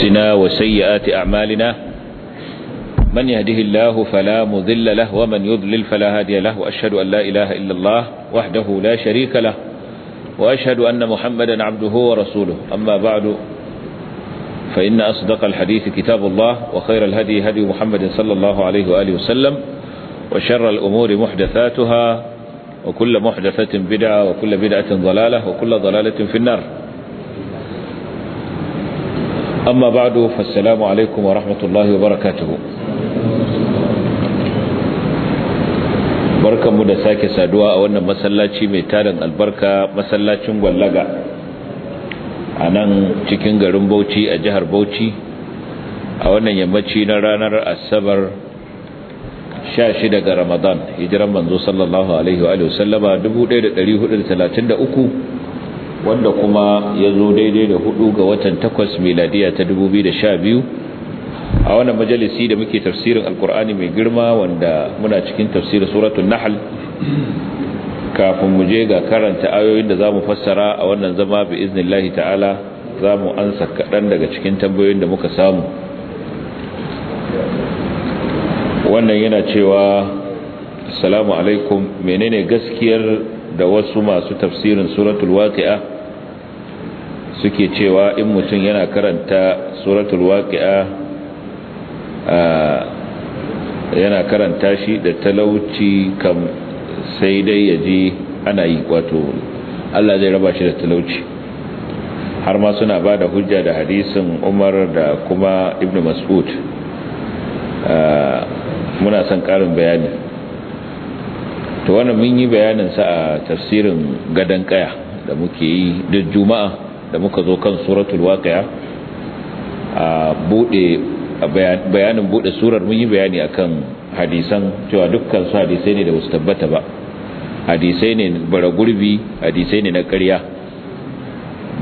أنفسنا وسيئات أعمالنا من يهده الله فلا مذل له ومن يضلل فلا هادي له وأشهد أن لا إله إلا الله وحده لا شريك له وأشهد أن محمدا عبده ورسوله أما بعد فإن أصدق الحديث كتاب الله وخير الهدي هدي محمد صلى الله عليه وآله وسلم وشر الأمور محدثاتها وكل محدثة بدعة وكل بدعة ضلالة وكل ضلالة في النار أما بعد فالسلام عليكم ورحمة الله وبركاته barkanmu da sake saduwa a wannan masallaci mai tarin albarka masallacin gwallaga a nan cikin garin bauchi a jihar bauchi a wannan yammaci na ranar asabar 16 ga ramadan hijiran manzo sallallahu alaihi wa sallama 1433 wanda kuma ya zo daidai da hudu ga watan takwas miladiya ta da sha biyu. a wannan majalisi da muke tafsirin alkur'ani mai girma wanda muna cikin tafsirin suratun nahal kafin mu je ga karanta ayoyin da za mu fassara a wannan zama bi iznillahi ta'ala za mu ansa kaɗan daga cikin tambayoyin da muka samu wannan yana cewa salamu alaikum menene gaskiyar da wasu masu tafsirin suratul waqi'a suke cewa in mutum yana karanta suratul waqi'a yana karanta shi da talauci kam sai dai yaji ana yi wato Allah zai raba shi da talauci har ma suna ba da hujja da hadisin umar da kuma ibn mas'ud muna son karin bayani to wannan mun yi bayanin sa a tafsirin gadan kaya da muke yi duk juma'a da muka zo kan suratul waqi'a a bude bayanin bude surar mun yi bayani akan hadisan cewa dukkan su hadisai ne da wasu tabbata ba hadisai ne bara gurbi hadisai ne na ƙarya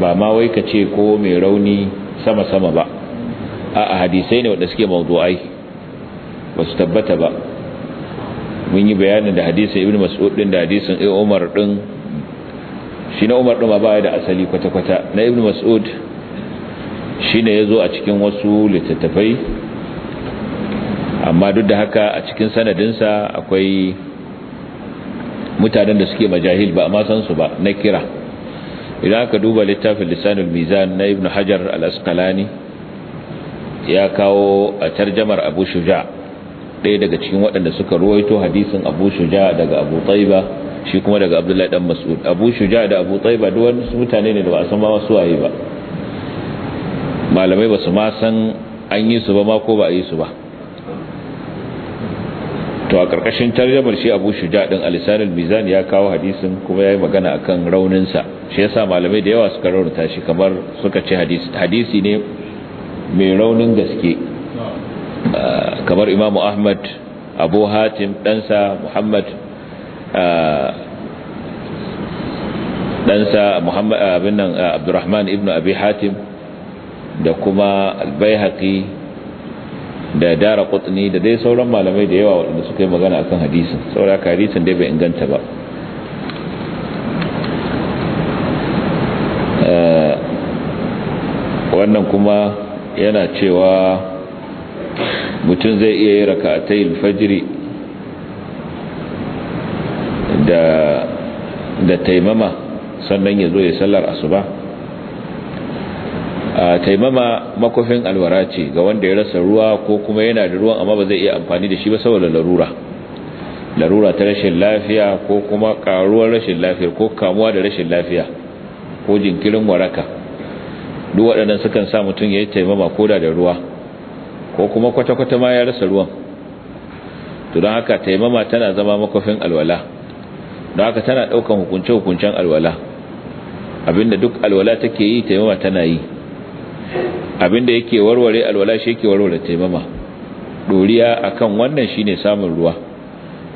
ba ma wai ka ce ko mai rauni sama sama ba a hadisai ne wanda suke mawdu'ai ba su tabbata ba mun yi bayanin da hadisin ibn mas'ud din da hadisin ai umar din shi na umar din ma baya da asali kwata-kwata na ibn mas'ud shi ne ya a cikin wasu littattafai amma duk da haka a cikin sanadin sa akwai mutanen da suke majahil ba amma san su ba na kira idan aka duba littafin lisanul mizan na ibn hajar al-asqalani ya kawo a tarjamar abu shuja' ɗaya daga cikin waɗanda suka ruwaito hadisin abu shuja daga abu taiba shi kuma daga abdullahi dan mas'ud abu shuja da abu taiba duk wani mutane ne da ba a san ma waye ba malamai ba su ma san an yi su ba ma ko ba a yi su ba to a ƙarƙashin tarjamar shi abu shuja din alisanul mizan ya kawo hadisin kuma ya yi magana akan rauninsa shi yasa malamai da yawa suka raunta shi kamar suka ce hadisi ne mai raunin gaske kamar imam ahmad abu hatim ɗansa muhammad ɗansa muhammad abinan abdurrahman ibn abi hatim da kuma albayhaqi da dara kutni da dai sauran malamai da yawa waɗanda suka yi magana akan hadisi saboda hadisin dai bai inganta ba wannan kuma yana cewa mutum zai iya yi a alfajiri da da taimama sannan ya zo ya sallar asuba a taimama makofin alwara ce ga wanda ya rasa ruwa ko kuma yana da ruwan amma ba zai iya amfani da shi ba saboda larura larura ta rashin lafiya ko kuma karuwar rashin lafiya ko kamuwa da rashin lafiya ko jinkirin waraka duk waɗannan sukan sa mutum ya yi taimama koda da ruwa ko kuma kwata-kwata ma ya rasa ruwan to don haka taimama tana zama makwafin alwala don haka tana ɗaukan hukunce-hukuncen alwala abinda duk alwala take yi taimama tana yi abinda yake warware alwala shi yake warware taimama doriya akan wannan shine samun ruwa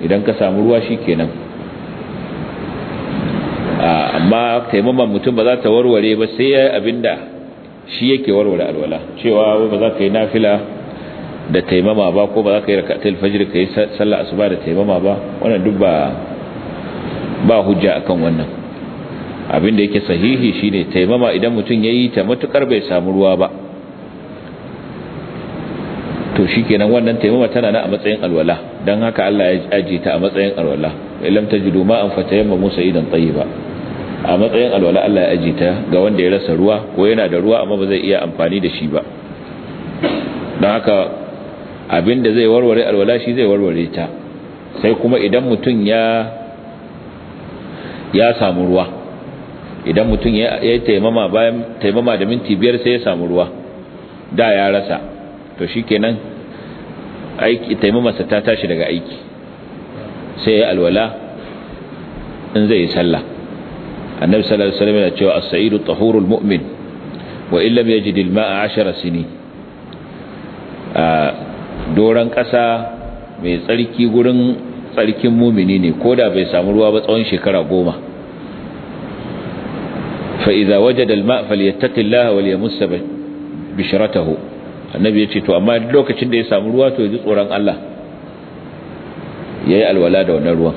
idan ka samu ruwa shikenan amma taimama mutum ba za ta warware ba sai ya abinda shi yake warware alwala cewa ba za ka yi nafila da taimama ba ko ba za ka yi raka rakatul fajr ka yi sallah asuba da taimama ba wannan duk ba hujja akan wannan abin da yake sahihi shine taimama idan mutum yayi ta matukar bai samu ruwa ba to shikenan wannan taimama tana na a matsayin alwala dan haka Allah ya aje ta a matsayin alwala illam tajidu Musa fatayammamu sayidan tayyiba a matsayin alwala Allah ya aje ta ga wanda ya rasa ruwa ko yana da ruwa amma ba zai iya amfani da shi ba dan haka abinda zai warware alwala shi zai warware ta sai kuma idan mutum ya ya samu ruwa idan mutum ya taimama bayan taimama da minti biyar sai ya samu ruwa da ya rasa to shikenan aiki taimamarsa ta tashi daga aiki sai ya alwala in zai yi sallah annabi sallallahu alaihi wasallam yana cewa as-sa'idu tahurul mu'min wa illam yajid al-ma'a 10 sinin ah, doron ƙasa mai tsarki gurin tsarkin mumini ne ko da bai samu ruwa ba tsawon shekara goma fa'iza waje da alma falyattakin wa ya musa bishiratahu annabi ya ce to amma lokacin da ya samu ruwa to ya ji tsoron Allah ya yi alwala da wannan ruwan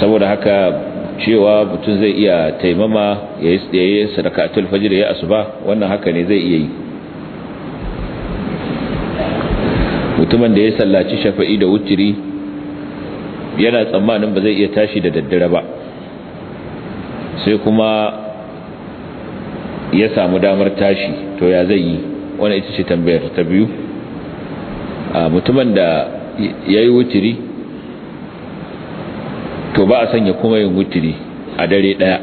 saboda haka cewa mutum zai iya taimama ya yi sadakatul da ya asuba wannan haka ne zai iya yi mutumin da ya sallaci shafa'i da wutiri yana tsammanin ba zai iya tashi da daddare ba sai kuma ya samu damar tashi to ya zai yi wani ita ce tambayar ta biyu mutumin da ya yi wutiri to ba a sanya kuma yin wutiri a dare daya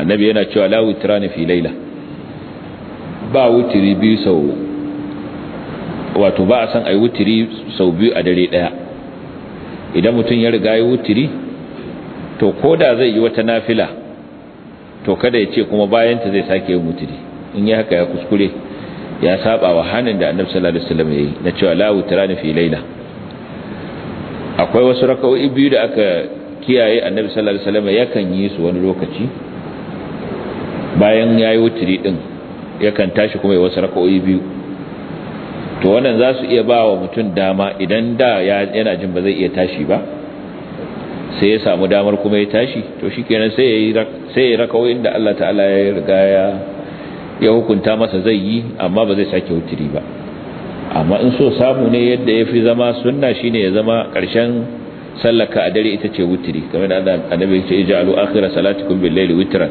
annabi yana cewa la wutirani ne laila ba wutiri biyu sau wato ba a san ai wutiri sau biyu a dare ɗaya. idan mutum ya riga ya wutiri to koda zai yi wata nafila to kada ya ce kuma bayan ta zai sake yin wutiri in ya haka ya kuskure ya saba wa hanin da annabi sallallahu alaihi wasallam yayi na cewa la wutrani fi laila akwai wasu raka'o'i biyu da aka kiyaye annabi sallallahu alaihi wasallam yakan yi su wani lokaci bayan yayi wutiri din yakan tashi kuma ya wasu raka'o'i biyu to wannan za su iya ba wa mutum dama idan da yana jin ba zai iya tashi ba sai ya samu damar kuma ya tashi to shi kenan sai ya yi rakawoyin da Allah ta'ala ya riga ya hukunta masa zai yi amma ba zai sake wuturi ba amma in so samu ne yadda ya fi zama sunna shine ya zama karshen sallaka a dare ita ce wuturi kamar da annabi ya ce ij'alu akhira salatikum bil-layli witran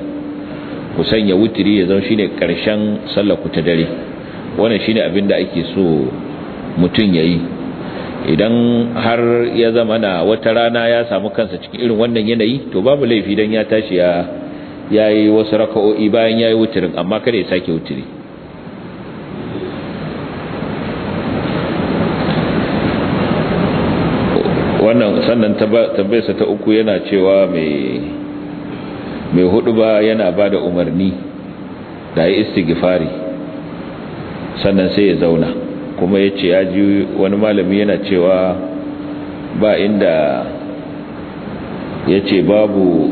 ku sanya wuturi ya zama shine ƙarshen sallaku ta dare wannan shine abin da ake so mutum yayi idan har ya zama na wata rana ya samu kansa cikin irin wannan yanayi to babu laifi dan ya tashi ya yayi wasu raka'o'i bayan yayi wutirin amma kada ya sake wutiri wannan sannan tambayarsa ta uku yana cewa mai mai hudu ba yana bada umarni da yi istighfari sannan sai ya zauna kuma ya ce ya ji wani malami yana cewa ba inda ya ce babu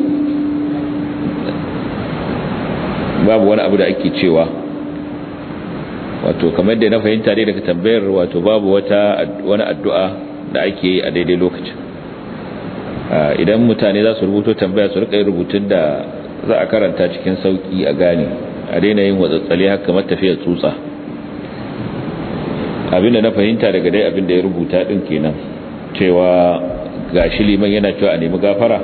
babu wani abu da ake cewa wato kamar da na fahimta dai daga tambayar wato babu wata wani addu'a da ake yi a daidai lokacin idan mutane za su rubuto tambaya su rika yin rubutun da za a karanta cikin sauki a gane a daina yin watsatsali haka kamar tafiyar tsutsa abinda na fahimta daga dai abinda ya rubuta din kenan cewa gashi liman yana cewa a nemi gafara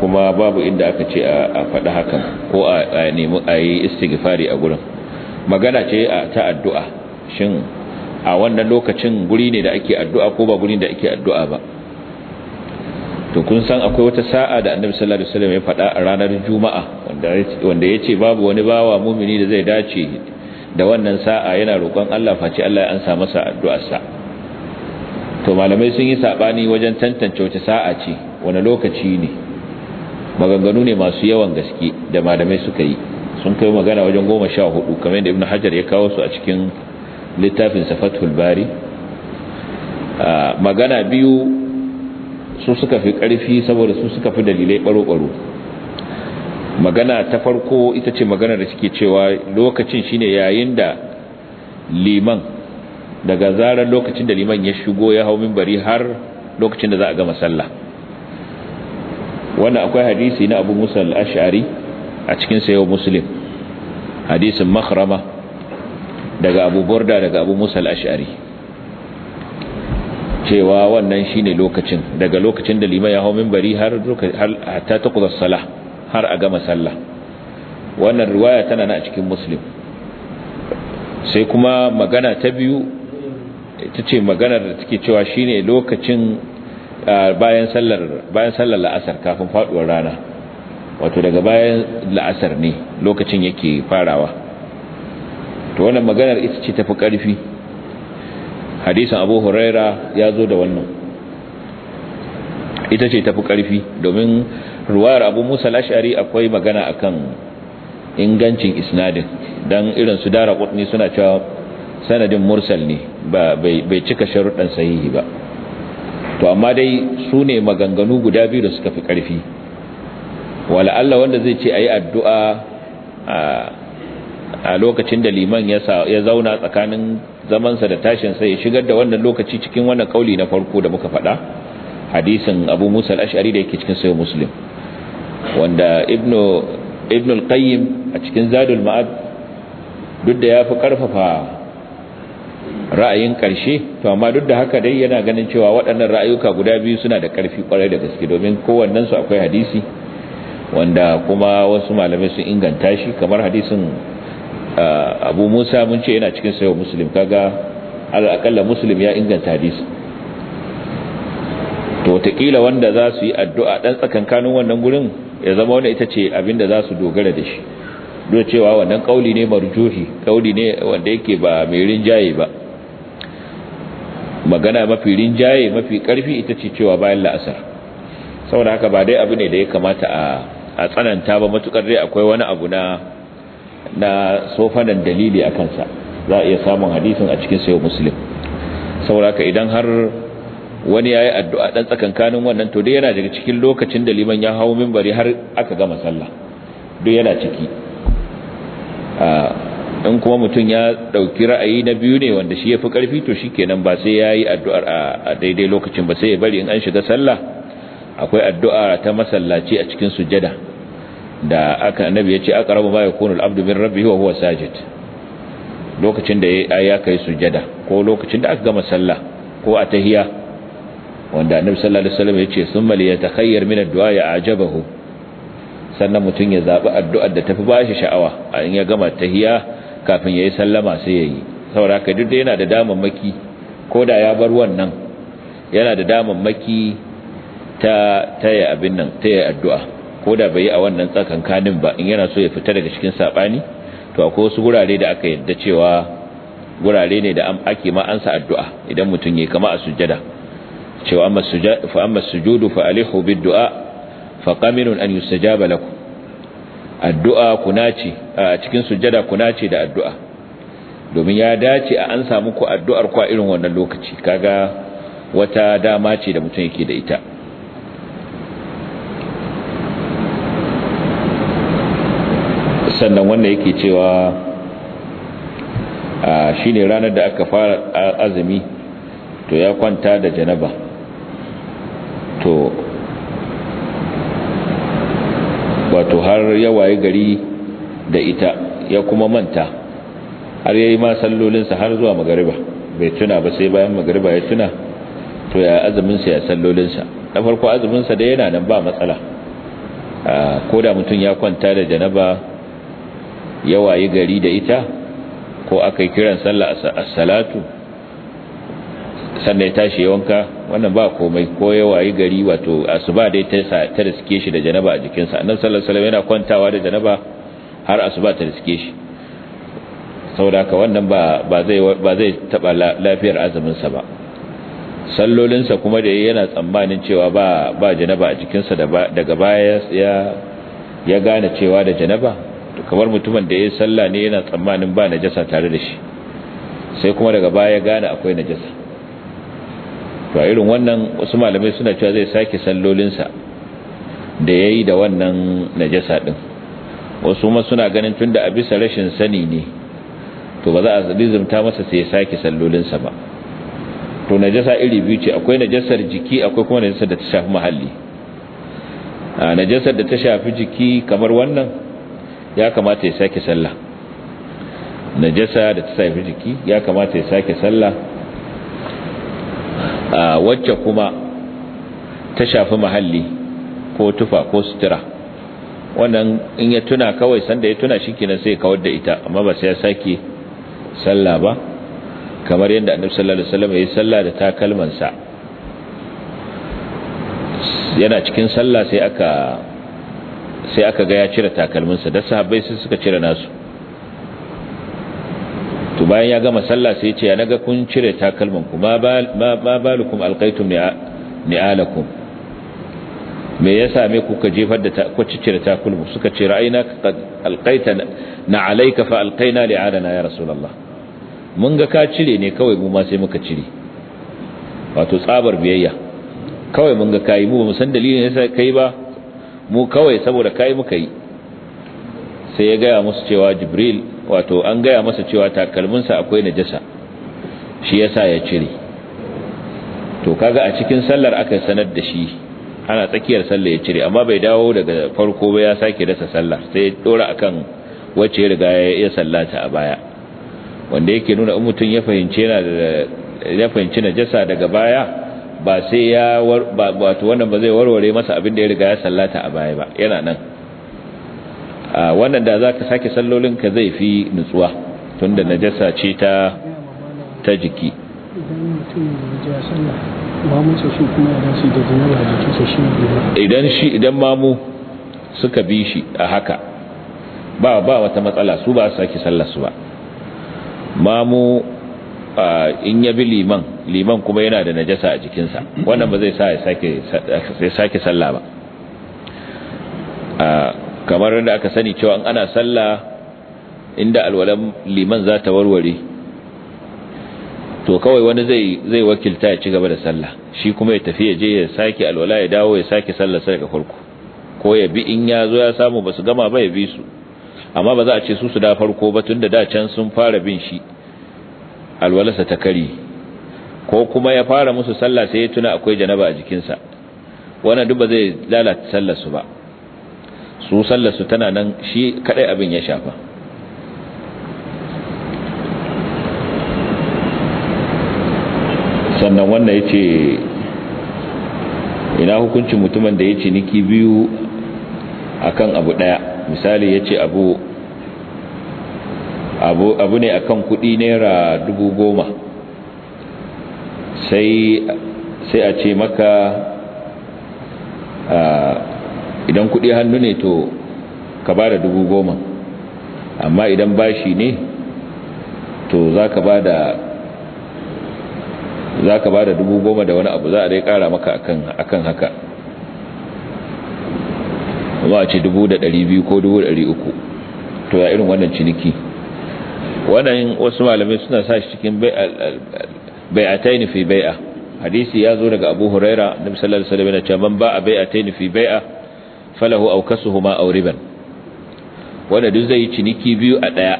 kuma babu inda aka ce a faɗi hakan ko a nemi a yi istighfari a gurin magana ce a ta addu'a shin a wannan lokacin guri ne da ake addu'a ko ba guri da ake addu'a ba to kun san akwai wata sa'a da annabi sallallahu alaihi wasallam ya faɗa a ranar juma'a wanda ya ce babu wani bawa mumini da zai dace da wannan sa'a yana roƙon Allah face Allah ya ansa masa addu'arsa to malamai sun yi sabani wajen tantance wace sa'a ce wani lokaci ne maganganu ne masu yawan gaske da malamai suka yi sun kai magana wajen goma sha hudu kamar yadda ibn hajar ya kawo su a cikin littafin safatul bari magana biyu su suka fi ƙarfi saboda su suka fi dalilai ɓaro-ɓaro magana ta farko ita ce magana da suke cewa lokacin shine yayin da liman daga zarar lokacin da liman ya shigo ya hau minbari har lokacin da za a gama sallah wannan akwai hadisi na abu musa al-ash'ari a cikin sayo muslim hadisin makhrama daga abu burda daga abu musa al-ash'ari cewa wannan shine lokacin daga lokacin da liman ya hau minbari har ta taqdas salah har a gama sallah wannan riwaya tana na a cikin muslim sai kuma magana ta biyu ita ce magana da take cewa shine lokacin bayan sallar bayan sallar la'asar kafin faduwar rana wato daga bayan la'asar ne lokacin yake farawa to wannan maganar ita ce tafi karfi hadisin abu huraira ya zo da wannan ita ce tafi karfi domin ruwayar abu musa lashari akwai magana akan ingancin isnadin don irin su dara kudni suna cewa sanadin mursal ne bai cika sharuɗan sahihi ba to amma dai su ne maganganu guda biyu da suka fi karfi wala'alla wanda zai ce a yi addu'a a lokacin da liman ya zauna tsakanin zamansa da tashinsa ya shigar da wannan lokaci cikin wannan kauli na farko da muka faɗa hadisin abu musa al-ash'ari da yake cikin sayo muslim wanda ibnu al-qayyim a cikin zadul ma'ad duk da yafi karfafa ra'ayin karshe to amma duk da haka dai yana ganin cewa waɗannan ra'ayuka guda biyu suna da karfi kwarai da gaske domin kowannen akwai hadisi wanda kuma wasu malamai sun inganta shi kamar hadisin ah, abu musa mun ce yana cikin sayo muslim kaga al'akalla muslim ya inganta hadisi watakila wanda za su yi addu'a ɗan tsakankanin wannan gurin ya zama wani ita ce abinda za su dogara da shi dole cewa wannan ƙauli ne marjuhi ƙauli ne wanda yake ba mai rinjaye ba magana mafi rinjaye mafi ƙarfi ita ce cewa bayan la'asar saboda haka ba dai abu ne da ya kamata a tsananta ba matuƙar dai akwai wani abu na na sofanan dalili a kansa za a iya samun hadisin a cikin sayo muslim saboda haka idan har wani ya yi addu'a dan tsakankanin wannan to dai yana daga cikin lokacin da liman ya hawo minbari har aka gama sallah duk yana ciki in kuma mutum ya ɗauki ra'ayi na biyu ne wanda shi yafi karfi to shi kenan ba sai yayi addu'ar a daidai lokacin ba sai ya bari in an shiga sallah akwai addu'a ta masallaci a cikin sujada da aka annabi ce aqrabu ma yakunu al-abdu min rabbihi wa huwa sajid lokacin da ya kai sujada ko lokacin da aka gama sallah ko a tahiya wanda annabi sallallahu alaihi wasallam yace summa li yatakhayyar min ad-du'a ya ajabahu sannan mutun ya zabi addu'a da tafi bashi sha'awa in ya gama tahiyya kafin yayi sallama sai yayi saboda haka duk da yana da damammaki koda ya bar wannan yana da damammaki ta taya abin nan taya addu'a koda bai yi a wannan tsakan-kanin ba in yana so ya fita daga cikin sabani to akwai wasu gurare da aka yadda cewa gurare ne da ake ma ansa addu'a idan mutun yayi kama a sujjada cewa amma sujudu fa alihu bid-du'a fa qaminun an yustajaba lakum addu'a ce, a cikin sujada ce da addu'a domin ya dace a an samu ku addu'ar ku a irin wannan lokaci kaga wata dama ce da mutum yake da ita sannan wanda yake cewa shine ranar da aka fara azumi to ya kwanta da janaba wato wato har ya gari da ita ya kuma manta har yayi ma sallolinsa har zuwa magariba bai tuna ba sai bayan magariba ya tuna to ya azuminsa ya sallolinsa na farko azuminsa da yana nan ba matsala ko da mutum ya kwanta da janaba ya waye gari da ita ko aka yi kiran sallah as-salatu sannan ya tashi yawanka wannan ba komai ko ya wayi gari wato asuba dai ta ta riske shi da janaba a jikinsa annabi sallallahu alaihi wasallam yana kwantawa da janaba har asuba ta riske shi saboda haka wannan ba ba zai ba zai taba lafiyar azumin sa ba sallolinsa kuma da yana tsammanin cewa ba ba janaba a jikinsa daga baya ya ya gane cewa da janaba to kamar mutumin da ya sallah ne yana tsammanin ba najasa tare da shi sai kuma daga baya gane akwai najasa to a irin wannan wasu malamai suna cewa zai sake sallolinsa da ya yi da wannan najasa ɗin wasu ma suna ganin tun da a bisa rashin sani ne to ba za a rizumta masa sai ya sake sallolinsa ba to najasa iri biyu ce akwai najasar jiki akwai kuma najasar da ta shafi muhalli a najasar da ta shafi jiki kamar wannan ya kamata ya sake sallah najasa da ta shafi jiki ya kamata ya sake sallah wacce kuma ta shafi mahalli ko tufa ko sutura wannan in ya tuna kawai sanda ya tuna shikenan sai kawar da ita amma ba sai ya sake sallah ba kamar yadda annabi sallallahu alaihi wasallam ya sallah da takalman sa yana cikin sallah sai aka sai aka ga ya cire takalminsa da sahabbai sai suka cire nasu to bayan ya gama sallah sai ya ce ya naga kun cire takalman ku ma balukum alqaitum ni'alakum me ya me ku ka jefar da ta ku cire takalmu suka ce ra'ayna qad alqaita na alayka fa alqaina li'alana ya rasulullah mun ga ka cire ne kawai mu ma sai muka cire wato tsabar biyayya kawai mun ga kai mu ba mu san dalilin yasa kai ba mu kawai saboda kai muka yi sai ya gaya musu cewa jibril wato an gaya masa cewa takalminsa akwai najasa shi yasa ya cire to kaga a cikin sallar aka sanar da shi ana tsakiyar sallar ya cire amma bai dawo daga farko ba ya sake dasa sallar sai ya dora akan wacce ya riga ya sallata a baya wanda yake nuna in mutum ya fahimci na da ya fahimci najasa daga baya ba sai ya wato wannan ba zai warware masa abin da ya riga ya sallata a baya ba yana nan wannan da za ka sake sallolin ka zai fi nutsuwa tun najasa ce ta ta jiki idan shi idan mamu suka bi shi a haka ba ba wata matsala su ba su sake su ba mamu in ya bi liman liman kuma yana da najasa a jikinsa wannan ba zai sa ya sake sallah ba kamar da aka sani cewa ana sallah inda alwalan liman za ta warware to kawai wani zai zai wakilta ya ci gaba da sallah shi kuma ya tafi ya je ya sake alwala ya dawo ya sake sallah sai daga farko ko ya bi in ya zo ya samu ba su gama ba ya bi su amma ba za a ce su su da farko ba tunda da can sun fara bin shi alwalarsa ta kari ko kuma ya fara musu sallah sai ya tuna akwai janaba a jikinsa wannan duk ba zai lalata sallar su ba su sallarsu tana nan shi kadai abin ya shafa sannan wannan ya ce ina hukuncin mutumin da ya ce niki biyu akan abu daya misali ya ce abu abu ne akan kudi naira dubu goma sai a ce maka ah, idan kuɗi hannu ne to ka ba da dubu goma amma idan bashi ne to za ka ba da dubu goma da wani abu za a dai kara maka akan haka ba a ce dubu da ɗari biyu ko dubu ɗari uku to ya irin wannan ciniki wannan wasu malamai suna sa shi cikin bai'atai fi a hadisi ya zo daga abu huraira misalar salamina alaihi wasallam ya ce bai a bai'atai fi a falahu aw kasuhuma aw riban wanda duk zai ciniki biyu a daya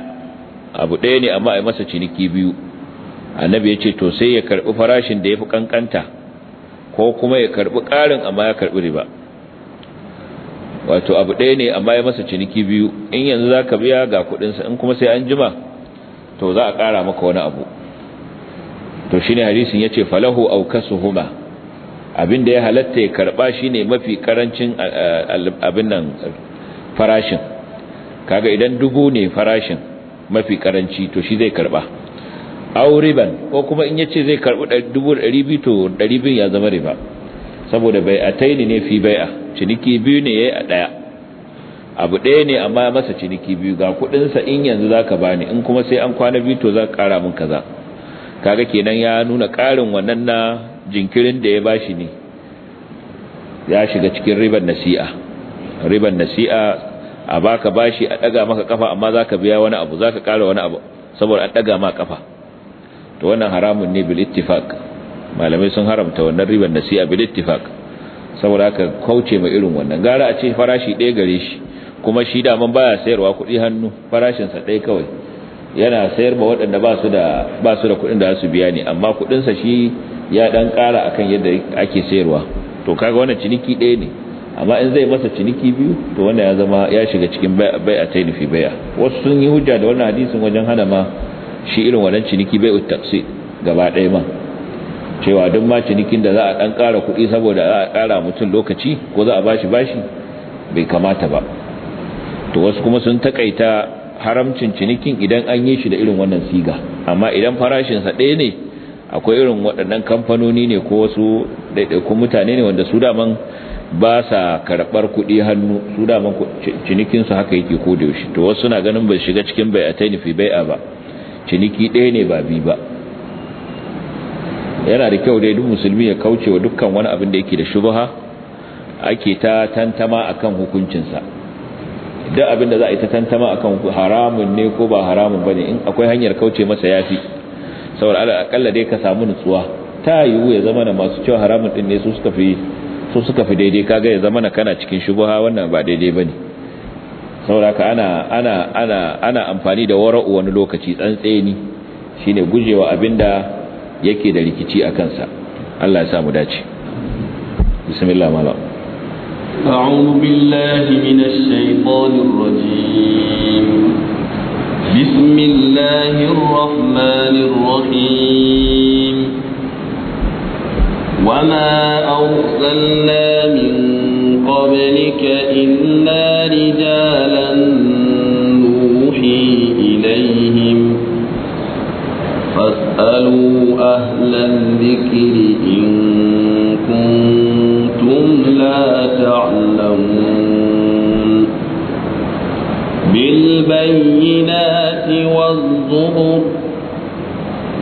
abu daya ne amma ai masa ciniki biyu annabi yace to sai ya karbi farashin da yafi kankanta ko kuma ya karbi karin amma ya karbi riba wato abu daya ne amma ya masa ciniki biyu in yanzu zaka biya ga kudin sa in kuma sai an jima to za a kara maka wani abu to shine hadisin yace falahu aw kasuhuma abin da ya halatta ya karba ne mafi karancin abin nan farashin kaga idan dubu ne farashin mafi karanci to shi zai karba aw riban ko kuma in yace zai karbi 200 to 200 ya zama riba saboda bai'ataini ne fi bai'a ciniki biyu ne yayi a daya abu daya ne amma masa ciniki biyu ga kudin sa in yanzu zaka bani in kuma sai an kwana biyu to zaka kara min kaza kaga kenan ya nuna karin wannan na jinkirin da ya bashi ne ya shiga cikin riban nasi'a riban nasi'a a baka bashi a daga maka kafa amma zaka biya wani abu zaka kara wani abu saboda an daga ma kafa to wannan haramun ne bil ittifaq malamai sun haramta wannan riban nasi'a bil ittifaq saboda haka kauce mai irin wannan gara a ce farashi ɗaya gare shi kuma shi daman baya sayarwa kuɗi hannu farashinsa ɗaya kawai yana sayar ba waɗanda ba su da kuɗin da za su biya ne amma sa shi ya dan kara akan yadda ake sayarwa to kaga wannan ciniki ɗaya ne amma in zai masa ciniki biyu to wannan ya zama ya shiga cikin bai'a ta nufi bai'a wasu sun yi hujja da wannan hadisin wajen hana ma shi irin wannan ciniki bai utaksi gaba ɗaya ma cewa duk ma cinikin da za a dan ƙara kuɗi saboda za a kara mutum lokaci ko za a bashi bashi bai kamata ba to wasu kuma sun takaita haramcin cinikin idan an yi shi da irin wannan siga amma idan farashinsa ɗaya ne akwai irin waɗannan kamfanoni ne ko wasu ɗaiɗaikun mutane ne wanda su daman ba sa karɓar kuɗi hannu su daman cinikinsu haka yake ko da yaushe to wasu na ganin ba shiga cikin bai a fi bai a ba ciniki ɗaya ne ba bi ba yana da kyau dai duk musulmi ya kauce wa dukkan wani abin da yake da shubaha ake ta tantama akan hukuncinsa duk abin da za a yi ta tantama akan haramun ne ko ba haramun ba ne in akwai hanyar kauce masa yafi saboda ala akalla dai ka samu nutsuwa ta yiwu ya zama na masu cewa haramun din ne su suka fi su suka fi daidai kaga ya zama na kana cikin shubuha wannan ba daidai bane saboda ka ana ana ana ana amfani da wara'u wani lokaci tsantseni shine gujewa abinda yake da rikici a kansa Allah ya sa mu dace bismillah malam أعوذ بالله من الشيطان الرجيم بسم الله الرحمن الرحيم وما أرسلنا من قبلك إلا رجالا نوحي إليهم فاسألوا أهل الذكر إن كنتم لا تعلمون بالبينات والزبر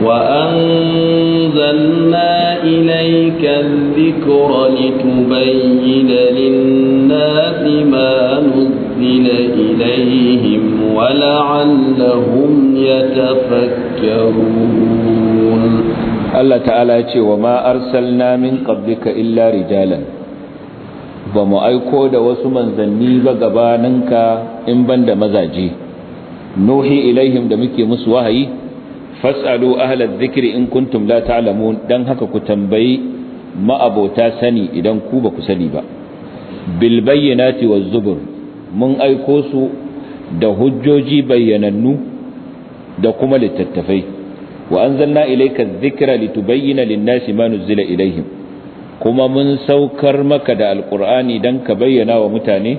وأنزلنا إليك الذكر لتبين للناس ما نزل إليهم ولعلهم يتفكرون الله تعالى يقول وما أرسلنا من قبلك إلا رجالاً ba mu aiko da wasu manzanni ba gabaninka in ban da mazaje nuhi ilaihim da muke musu wahayi fas'alu ahlal dhikri in kuntum la ta'lamun dan haka ku tambayi ma'abota sani idan ku ba ku sani ba bil bayyinati waz zubur mun aiko su da hujjoji bayyanannu da kuma littattafai wa anzalna ilayka dhikra litubayyana lin-nasi ma nuzila ilaihim kuma mun saukar maka da alkur'ani don ka bayyana wa mutane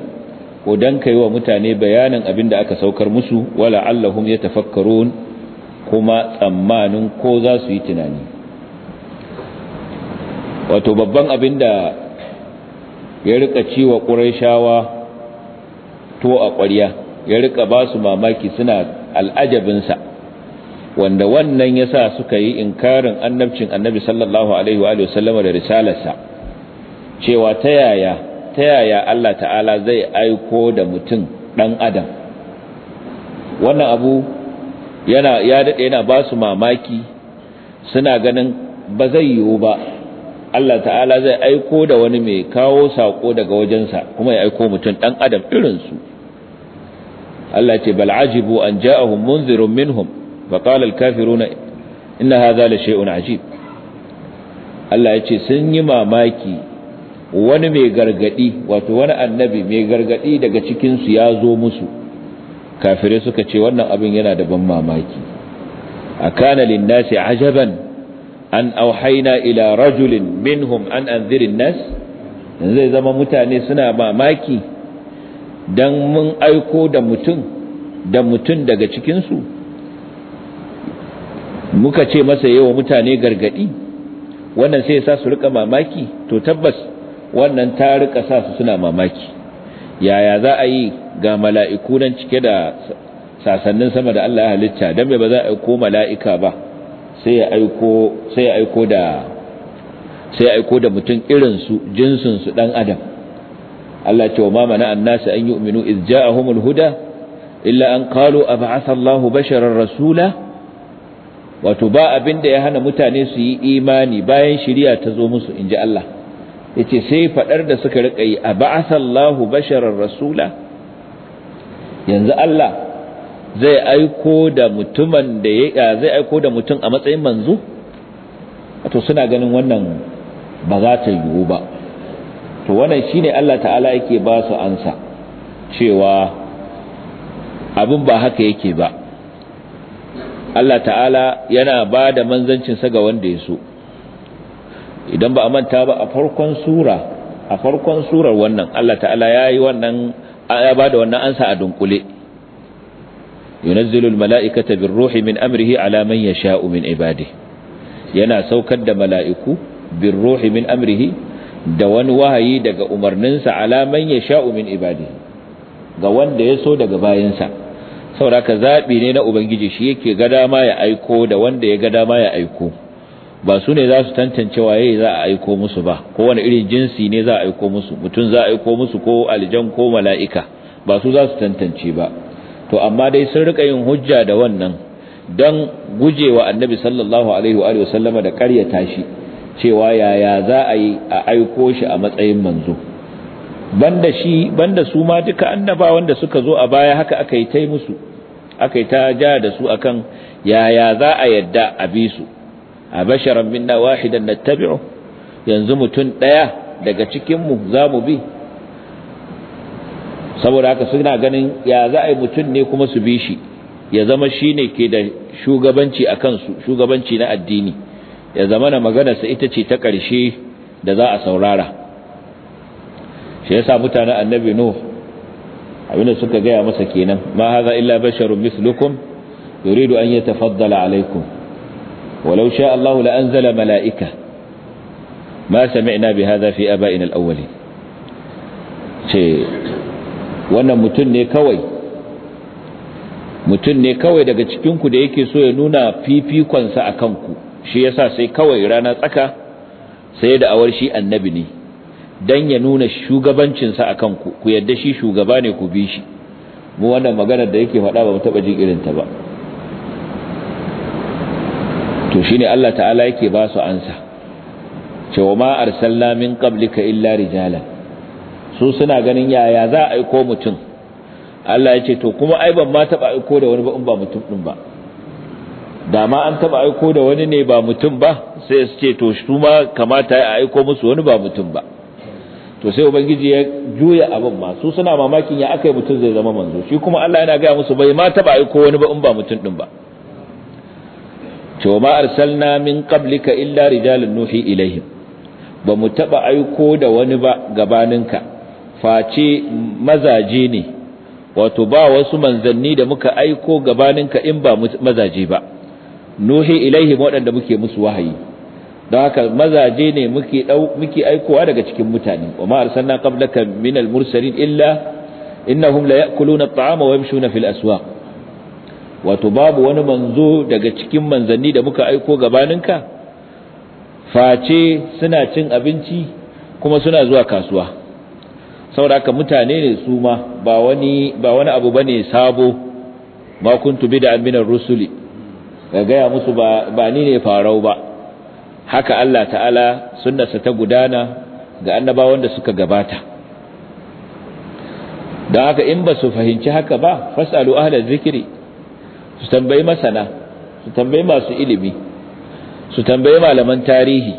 ko don ka yi wa mutane bayanin abin da aka saukar musu wala allahum ya tafakkarun kuma tsammanin ko za su yi tunani wato babban abin da ya rika ciwa ƙuraishawa to a ƙwarya ya rika ba su mamaki suna al'ajabinsa wanda wannan yasa suka yi inkarin annabcin annabi sallallahu alaihi wa sallama da risalarsa cewa ta yaya ta yaya Allah ta'ala zai aiko da mutum ɗan adam wannan abu yana ya daɗe yana ba su mamaki suna ganin ba zai yiwu ba Allah ta'ala zai aiko da wani mai kawo sako daga wajensa kuma ya aiko mutum ɗan adam irinsu Allah ce bal'ajibu an ja'ahum munzirun minhum فقال الكافرون إن هذا لشيء عجيب Allah ya ce sun yi mamaki wani mai gargadi wato wani annabi mai gargadi daga cikinsu ya zo musu kafirai suka ce wannan abin yana da ban mamaki a kana linnasi ajaban an auhaina ila rajulin minhum an anzirin nas zai zama mutane suna mamaki don mun aiko da da mutum daga cikinsu muka ce masa yawa mutane gargadi wannan sai ya sa su rika mamaki to tabbas wannan ta rika sa su suna mamaki yaya za a yi ga mala'iku nan cike da sasannin sama da Allah ya halitta dan bai ba za a aiko mala'ika ba sai ya aiko da sai ya aiko da mutum irin su jinsin su dan adam Allah ce wa ma mana annasu an yu'minu iz ja'ahumul huda illa an qalu ab'atha Allahu basharar rasula wato ba abin da ya hana mutane su yi imani bayan shari'a ta zo musu inji Allah yace sai faɗar da suka rika yi aba'athallahu basharar rasula yanzu Allah zai aiko da mutumin da ya zai aiko da mutum a matsayin manzu? wato suna ganin wannan ba za ta yiwu ba to wannan shine Allah ta'ala yake ba su ansa cewa abin ba haka yake ba Allah ta'ala yana ba da manzancinsa ga wanda ya so idan ba a manta ba a farkon sura a farkon surar wannan Allah ta'ala ya yi wannan ya ba da wannan ansa a dunkule yunazzilul mala'ikata ruhi min amrihi ala man yasha'u min ibadi yana saukar da mala'iku ruhi min amrihi da wani wahayi daga umarninsa ala man yasha'u min ibadi ga wanda ya so daga bayansa haka zaɓi ne na ubangiji shi yake ga dama ya aiko da wanda ya ga dama ya aiko ba su ne za su tantance waye za a aiko musu ba ko wani irin jinsi ne za a aiko musu mutum za a aiko musu ko aljan ko mala'ika ba su za su tantance ba to amma dai sun rika yin hujja da wannan don gujewa annabi sallallahu alaihi wa alihi wasallama da ƙaryata shi cewa yaya za a yi a aiko shi a matsayin manzo banda shi banda su ma duka annaba wanda suka zo a baya haka aka yi ta musu aka yi ta ja da su akan yaya za a yadda a bi su a basharan minna wahidan nattabi'u yanzu mutum ɗaya daga cikin mu za mu bi saboda haka suna ganin ya za a yi mutum ne kuma su bi shi ya zama shi ne ke da shugabanci a kansu shugabanci na addini ya zama na maganarsa ita ce ta ƙarshe da za a saurara shi yasa mutanen annabi nuh abinda suka gaya masa kenan ma haza illa basharun mislukum yuridu an yatafaddala alaikum walau sha Allah la anzala malaika ma sami'na bi hadha fi aba'ina al-awwalin ce wannan mutum ne kawai ne kawai daga cikin ku da yake so ya nuna fifikonsa a akan ku shi yasa sai kawai rana tsaka sai da awar shi annabi ne dan ya nuna shugabancinsa a kanku ku yadda shi shugaba ne ku bi shi mu wannan maganar da yake faɗa ba mu taɓa jin irinta ba to shine Allah ta'ala yake ba su ansa cewa ma arsalna min qablika illa rijala su suna ganin yaya za a aiko mutum Allah ya ce to kuma ai ban ma taɓa aiko da wani ba in ba mutum din ba da ma an taɓa aiko da wani ne ba mutum ba sai su ce to su ma kamata a aiko musu wani ba mutum ba to sai ubangiji ya juya abin ma su suna mamakin ya aka yi mutum zai zama manzo shi kuma Allah yana gaya musu bai ma taba aiko wani ba in ba mutum din ba to ma arsalna min qablika illa rijalun nuhi ilaihim ba mu taba aiko da wani ba gabaninka face mazaje ne wato ba wasu manzanni da muka aiko gabaninka in ba mazaje ba nuhi ilaihim waɗanda muke musu wahayi don haka mazaje ne muke dau muke aikowa daga cikin mutane wa ma arsalna qablaka min al-mursalin illa innahum la ya'kuluna at-ta'ama wa yamshuna fil aswaq wato babu wani manzo daga cikin manzanni da muka aiko gabaninka face suna cin abinci kuma suna zuwa kasuwa saboda haka mutane ne su ma ba wani ba wani abu bane sabo ma kuntu bid'an min ar-rusuli ga gaya musu ba ba ni ne farau ba haka Allah ta'ala sunnarsa ta gudana ga annabawan da suka gabata don haka in ba su fahimci haka ba fasalu ahla zikiri su tambayi masana su tambayi masu ilimi su tambayi malaman tarihi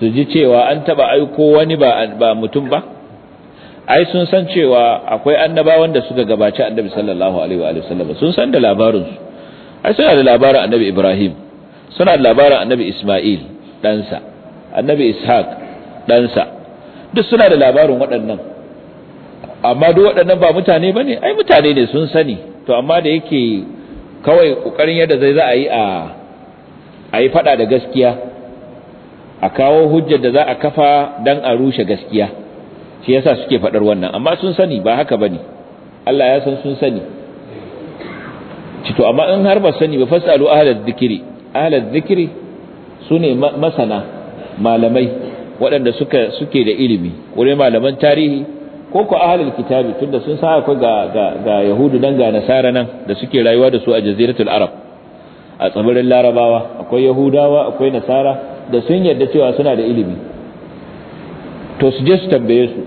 su ji cewa an taba aiko wani ba ba mutum ba ai sun san cewa akwai annabawan da suka gabaci annabi sallallahu alaihi wa sallam sun san da labarin su ai suna da labarin annabi Ibrahim suna labarin annabi Ismail ɗansa annabi Ishaq ɗansa duk suna da labarin waɗannan amma duk waɗannan ba mutane ba ne ai mutane ne sun sani to amma da yake kawai ƙoƙarin yadda zai za a yi a yi faɗa da gaskiya a kawo hujjar da za a kafa don a rushe gaskiya shi yasa suke faɗar wannan amma sun sani ba haka ba ne Allah ya san sun sani cito amma in har ba sani ba fasalu ahlaz zikiri ahlal su ne masana malamai waɗanda suke da ilimi wani malaman tarihi ko ko ahlul kitabi tunda sun sa akwai ga yahudu dan ga nasara nan da suke rayuwa da su a jaziratul arab a tsibirin larabawa akwai yahudawa akwai nasara da sun yarda cewa suna da ilimi to su je su tambaye su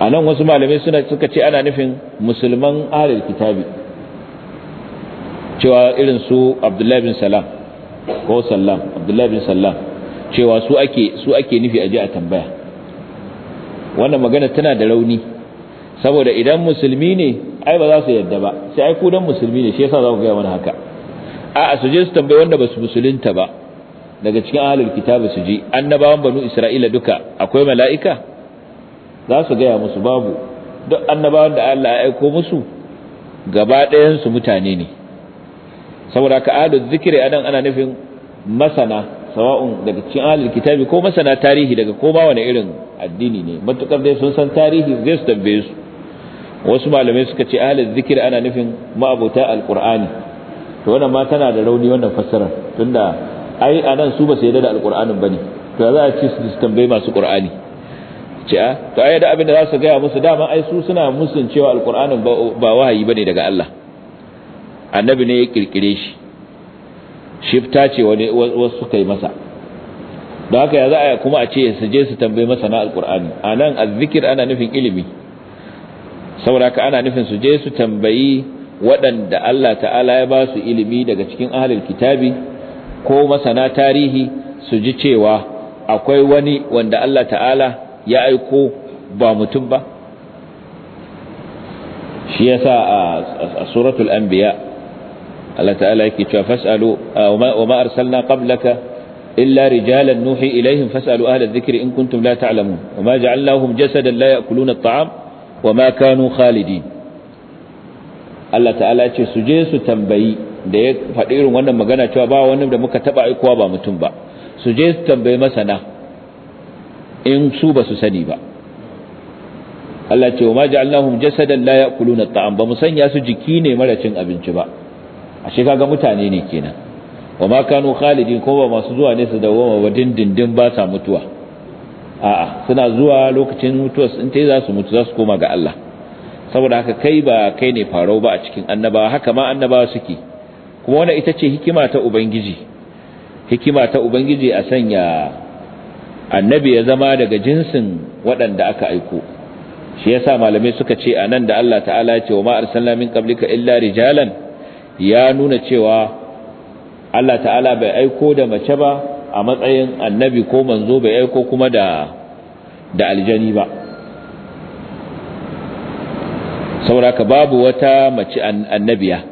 a nan wasu malamai suna suka ce ana nufin musulman ahlul kitabi cewa irin su abdullahi bin salam ko sallam abdullahi bin sallam cewa su ake su ake nufi aje a tambaya wannan magana tana da rauni saboda idan musulmi ne ai ba za su yadda ba sai ai ku dan musulmi ne shi yasa za ku ga wani haka a su je su tambayi wanda ba su musulunta ba daga cikin ahlul kitabi su ji annabawan banu isra'ila duka akwai mala'ika za su gaya musu babu duk annabawan da Allah ya aiko musu gaba ɗayan su mutane ne saboda ka ahlul a nan ana nufin masana sawa'un daga cikin ahlul kitabi ko masana tarihi daga ko ba wani irin addini ne matukar dai sun san tarihi zai su tabbe su wasu malamai suka ce ahlul zikiri ana nufin ma'abuta alqur'ani to wannan ma tana da rauni wannan fassarar tunda ai anan su ba su yarda da alqur'anin bane to za a ce su tambaye masu qur'ani ce a ah, to ai da abin da za su gaya musu dama ai su suna musun cewa alqur'anin ba wahayi bane daga Allah annabi ne ya kirkire shi shifta ce wani wasu suka yi masa Da haka ya za a kuma a ce su je su tambayi masa na alkur'ani a nan azzikir ana nufin ilimi saboda ka ana nufin su je su tambayi waɗanda Allah ta'ala ya ba su ilimi daga cikin ahalil kitabi ko masana tarihi su ji cewa akwai wani wanda Allah ta'ala ya aiko ba mutum ba shi yasa a suratul anbiya Allah ta'ala yake cewa fas'alu wa ma arsalna qablaka illa rijalan nuhi ilaihim fas'alu ahla dhikri in kuntum la ta'lamun wa ma ja'alnahum jasadan la ya'kuluna at-ta'am wa ma kanu khalidin Allah ta'ala ce su je su tambayi da ya faɗi irin wannan magana cewa ba wani da muka taɓa aikowa ba mutum ba su je su tambayi masana in su ba su sani ba Allah ce wa ma ja'alnahum jasadan la ya'kuluna ta'am? ba mu sanya su jiki ne mara cin abinci ba ashe kaga mutane ne kenan wa ma kanu khalidin ko ba masu zuwa ne su ma ba dindindin ba sa mutuwa a'a suna zuwa lokacin mutuwa sun tai za su mutu za su koma ga Allah saboda haka kai ba kai ne farau ba a cikin annabawa haka ma annabawa suke kuma wannan ita ce hikima ta ubangiji hikima ta ubangiji a sanya annabi ya zama daga jinsin waɗanda aka aiko shi yasa malamai suka ce anan da Allah ta'ala ya ce wa ma arsalna min qablika illa rijalan ya nuna cewa Allah ta'ala bai aiko da mace ba a matsayin annabi ko manzo bai aiko kuma da da aljani ba sauraka babu wata mace annabiya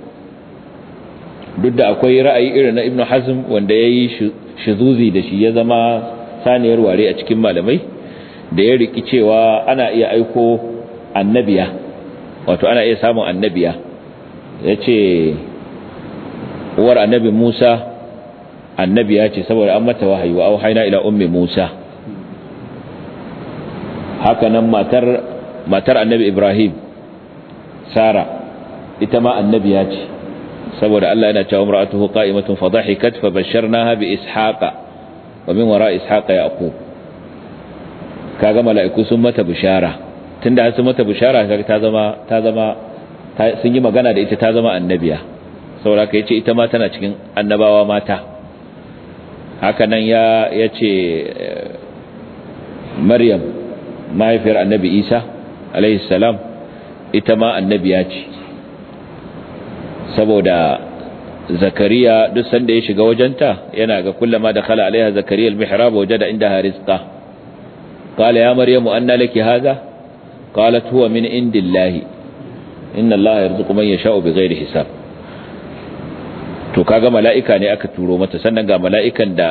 duk da akwai ra'ayi irin na ibnu hazm wanda ya yi shizuzi da shi ya zama saniyar ware a cikin malamai da ya riki cewa ana iya aiko annabiya wato ana iya samun annabiya ya ce uwar annabi Musa annabi ya ce saboda an mata wahayi wa auhayna ila ummi Musa haka nan matar matar annabi Ibrahim Sara ita ma annabi ya ce saboda Allah yana cewa imra'atuhu qa'imatun fadhahikat fabasharnaha bi ishaqa wa min wara ishaqa yaqub kaga mala'iku sun mata bishara tunda sun mata bishara kaga ta zama ta zama sun yi magana da ita ta zama annabiya sauraka ya ce ita ma tana cikin annabawa mata hakanan ya ce eh, maryam mahaifiyar annabi isa salam ita ma annabiya ce saboda zakariya duk sanda ya shiga wajenta yana ga kullama da khala alaiha zakariya almihrab wajada inda harizqa qala ya maryamu anna laki hadha qalat huwa min indillahi inna allaha yarzuqu man yasha'u bighairi hisab to kaga mala'ika ne aka turo mata sannan ga mala'ikan da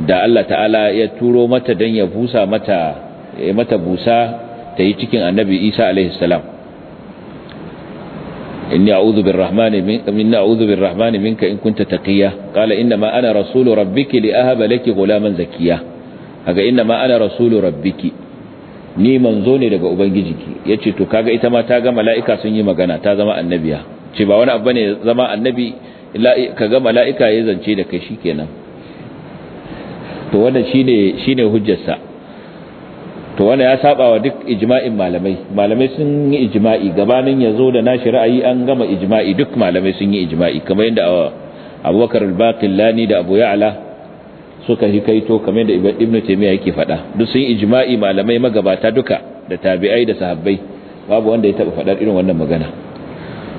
da Allah ta'ala ya turo mata don ya busa mata ya mata busa ta yi cikin annabi isa alaihi salam inni a'udhu birrahmani min a'udhu birrahmani minka in kunta taqiya qala inna ma ana rasulu rabbiki li ahaba laki ghulaman zakiya kaga inna ma ana rasulu rabbiki ni manzo ne daga ubangijinki yace to kaga ita ma ta ga mala'ika sun yi magana ta zama annabiya ce ba wani abu ne zama annabi ka ga mala'ika ya zance da kai shikenan to wannan shine shine hujjarsa to wannan ya saba wa duk ijma'in malamai malamai sun yi ijma'i gabanin yazo da nashi ra'ayi an gama ijma'i duk malamai sun yi ijma'i kamar yadda uh, Abubakar al-Baqillani da Abu Ya'la suka yi kaito kamar da Ibn Taymiyyah yake faɗa duk sun yi ijma'i malamai magabata duka da tabi'ai da sahabbai babu wanda ya taba faɗar irin wannan magana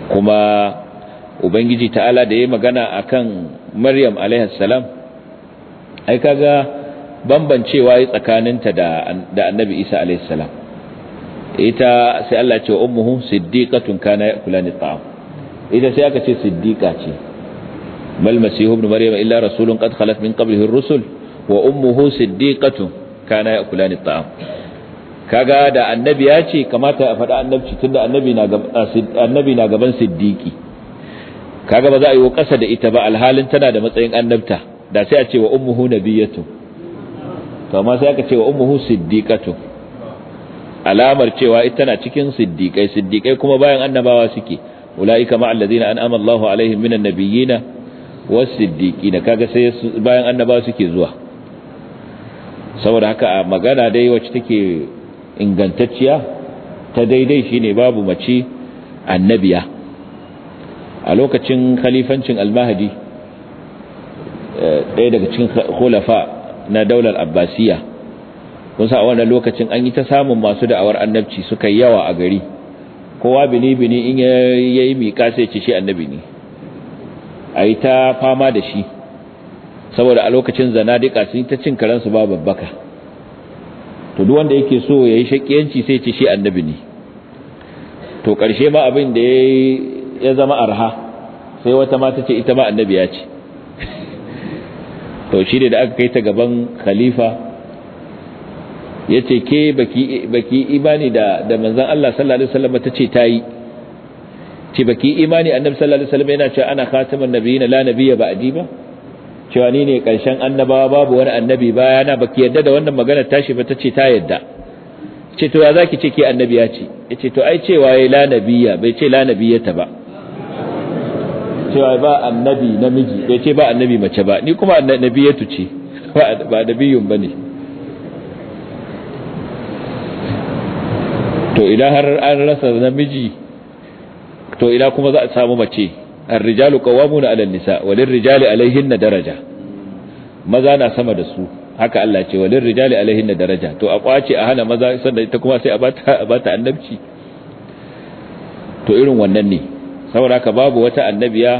kuma ubangiji ta'ala da ya magana akan maryam alaihi salam ai kaga bambancewa ya tsakaninta da annabi isa alaihi salam ita sai Allah ce wa ummuhu siddiqatun kana yakulani ta'am ita sai aka ce siddiqa ce mal masih ibn maryam illa rasulun qad khalat min qablihi ar-rusul wa ummuhu siddiqatun kana yakulani ta'am kaga da annabi ya ce kamata ya faɗa annabci tunda annabi na annabi na gaban siddiqi kaga ba za a yi ƙasa da ita ba alhalin tana da matsayin annabta da sai a ce wa ummuhu nabiyatu to amma sai aka ce wa ummuhu siddiqatu alamar cewa ita na cikin siddiqai siddiqai kuma bayan annabawa suke ulaika ma allazina an'ama Allahu alaihim minan nabiyina was siddiqina kaga sai bayan annabawa suke zuwa saboda haka magana dai wacce take ingantacciya ta daidai shi ne babu mace annabiya a lokacin khalifancin almahadi eh, ɗaya daga cikin khulafa na daular abbasiya kun sa a wannan lokacin an yi ta samun masu da'awar annabci suka yawa a gari kowa bini-bini in ya yi miƙa sai ce shi annabi ne a yi ta fama da shi saboda a lokacin zanadika sun ta cin karansu ba babbaka to duk wanda yake so yayi shakiyanci sai ce shi annabi ne to karshe ma abin da ya zama arha sai wata mata ce ita ma annabi ya ce to shi ne da aka kai ta gaban khalifa ya ce ke baki imani da da manzon Allah sallallahu alaihi wasallam ta tayi ce baki imani annabi sallallahu alaihi wasallam yana cewa ana khatamun nabiyina la nabiyya ba'di ba cewa ni ne ƙarshen annabawa babu wani annabi baya na baki yadda da wannan magana tashi ba ta ce ta yadda ce to ya zaki ce ke annabiya ce ce to ai cewa ya yi lanabiya bai ce lanabiya ta ba cewa ba annabi namiji bai ce ba annabi mace ba ni kuma annabi ya ce ba ba ne. to idan har an rasa namiji to idan kuma za a samu mace الرجال قوامون على النساء وللرجال nisa walir-rijali 'alayhinna daraja maza na sama da su haka Allah ce walir-rijali 'alayhinna daraja to a kwace a hana maza sannan ita kuma sai a bata a bata annabci to irin wannan ne saboda ka babu wata annabiya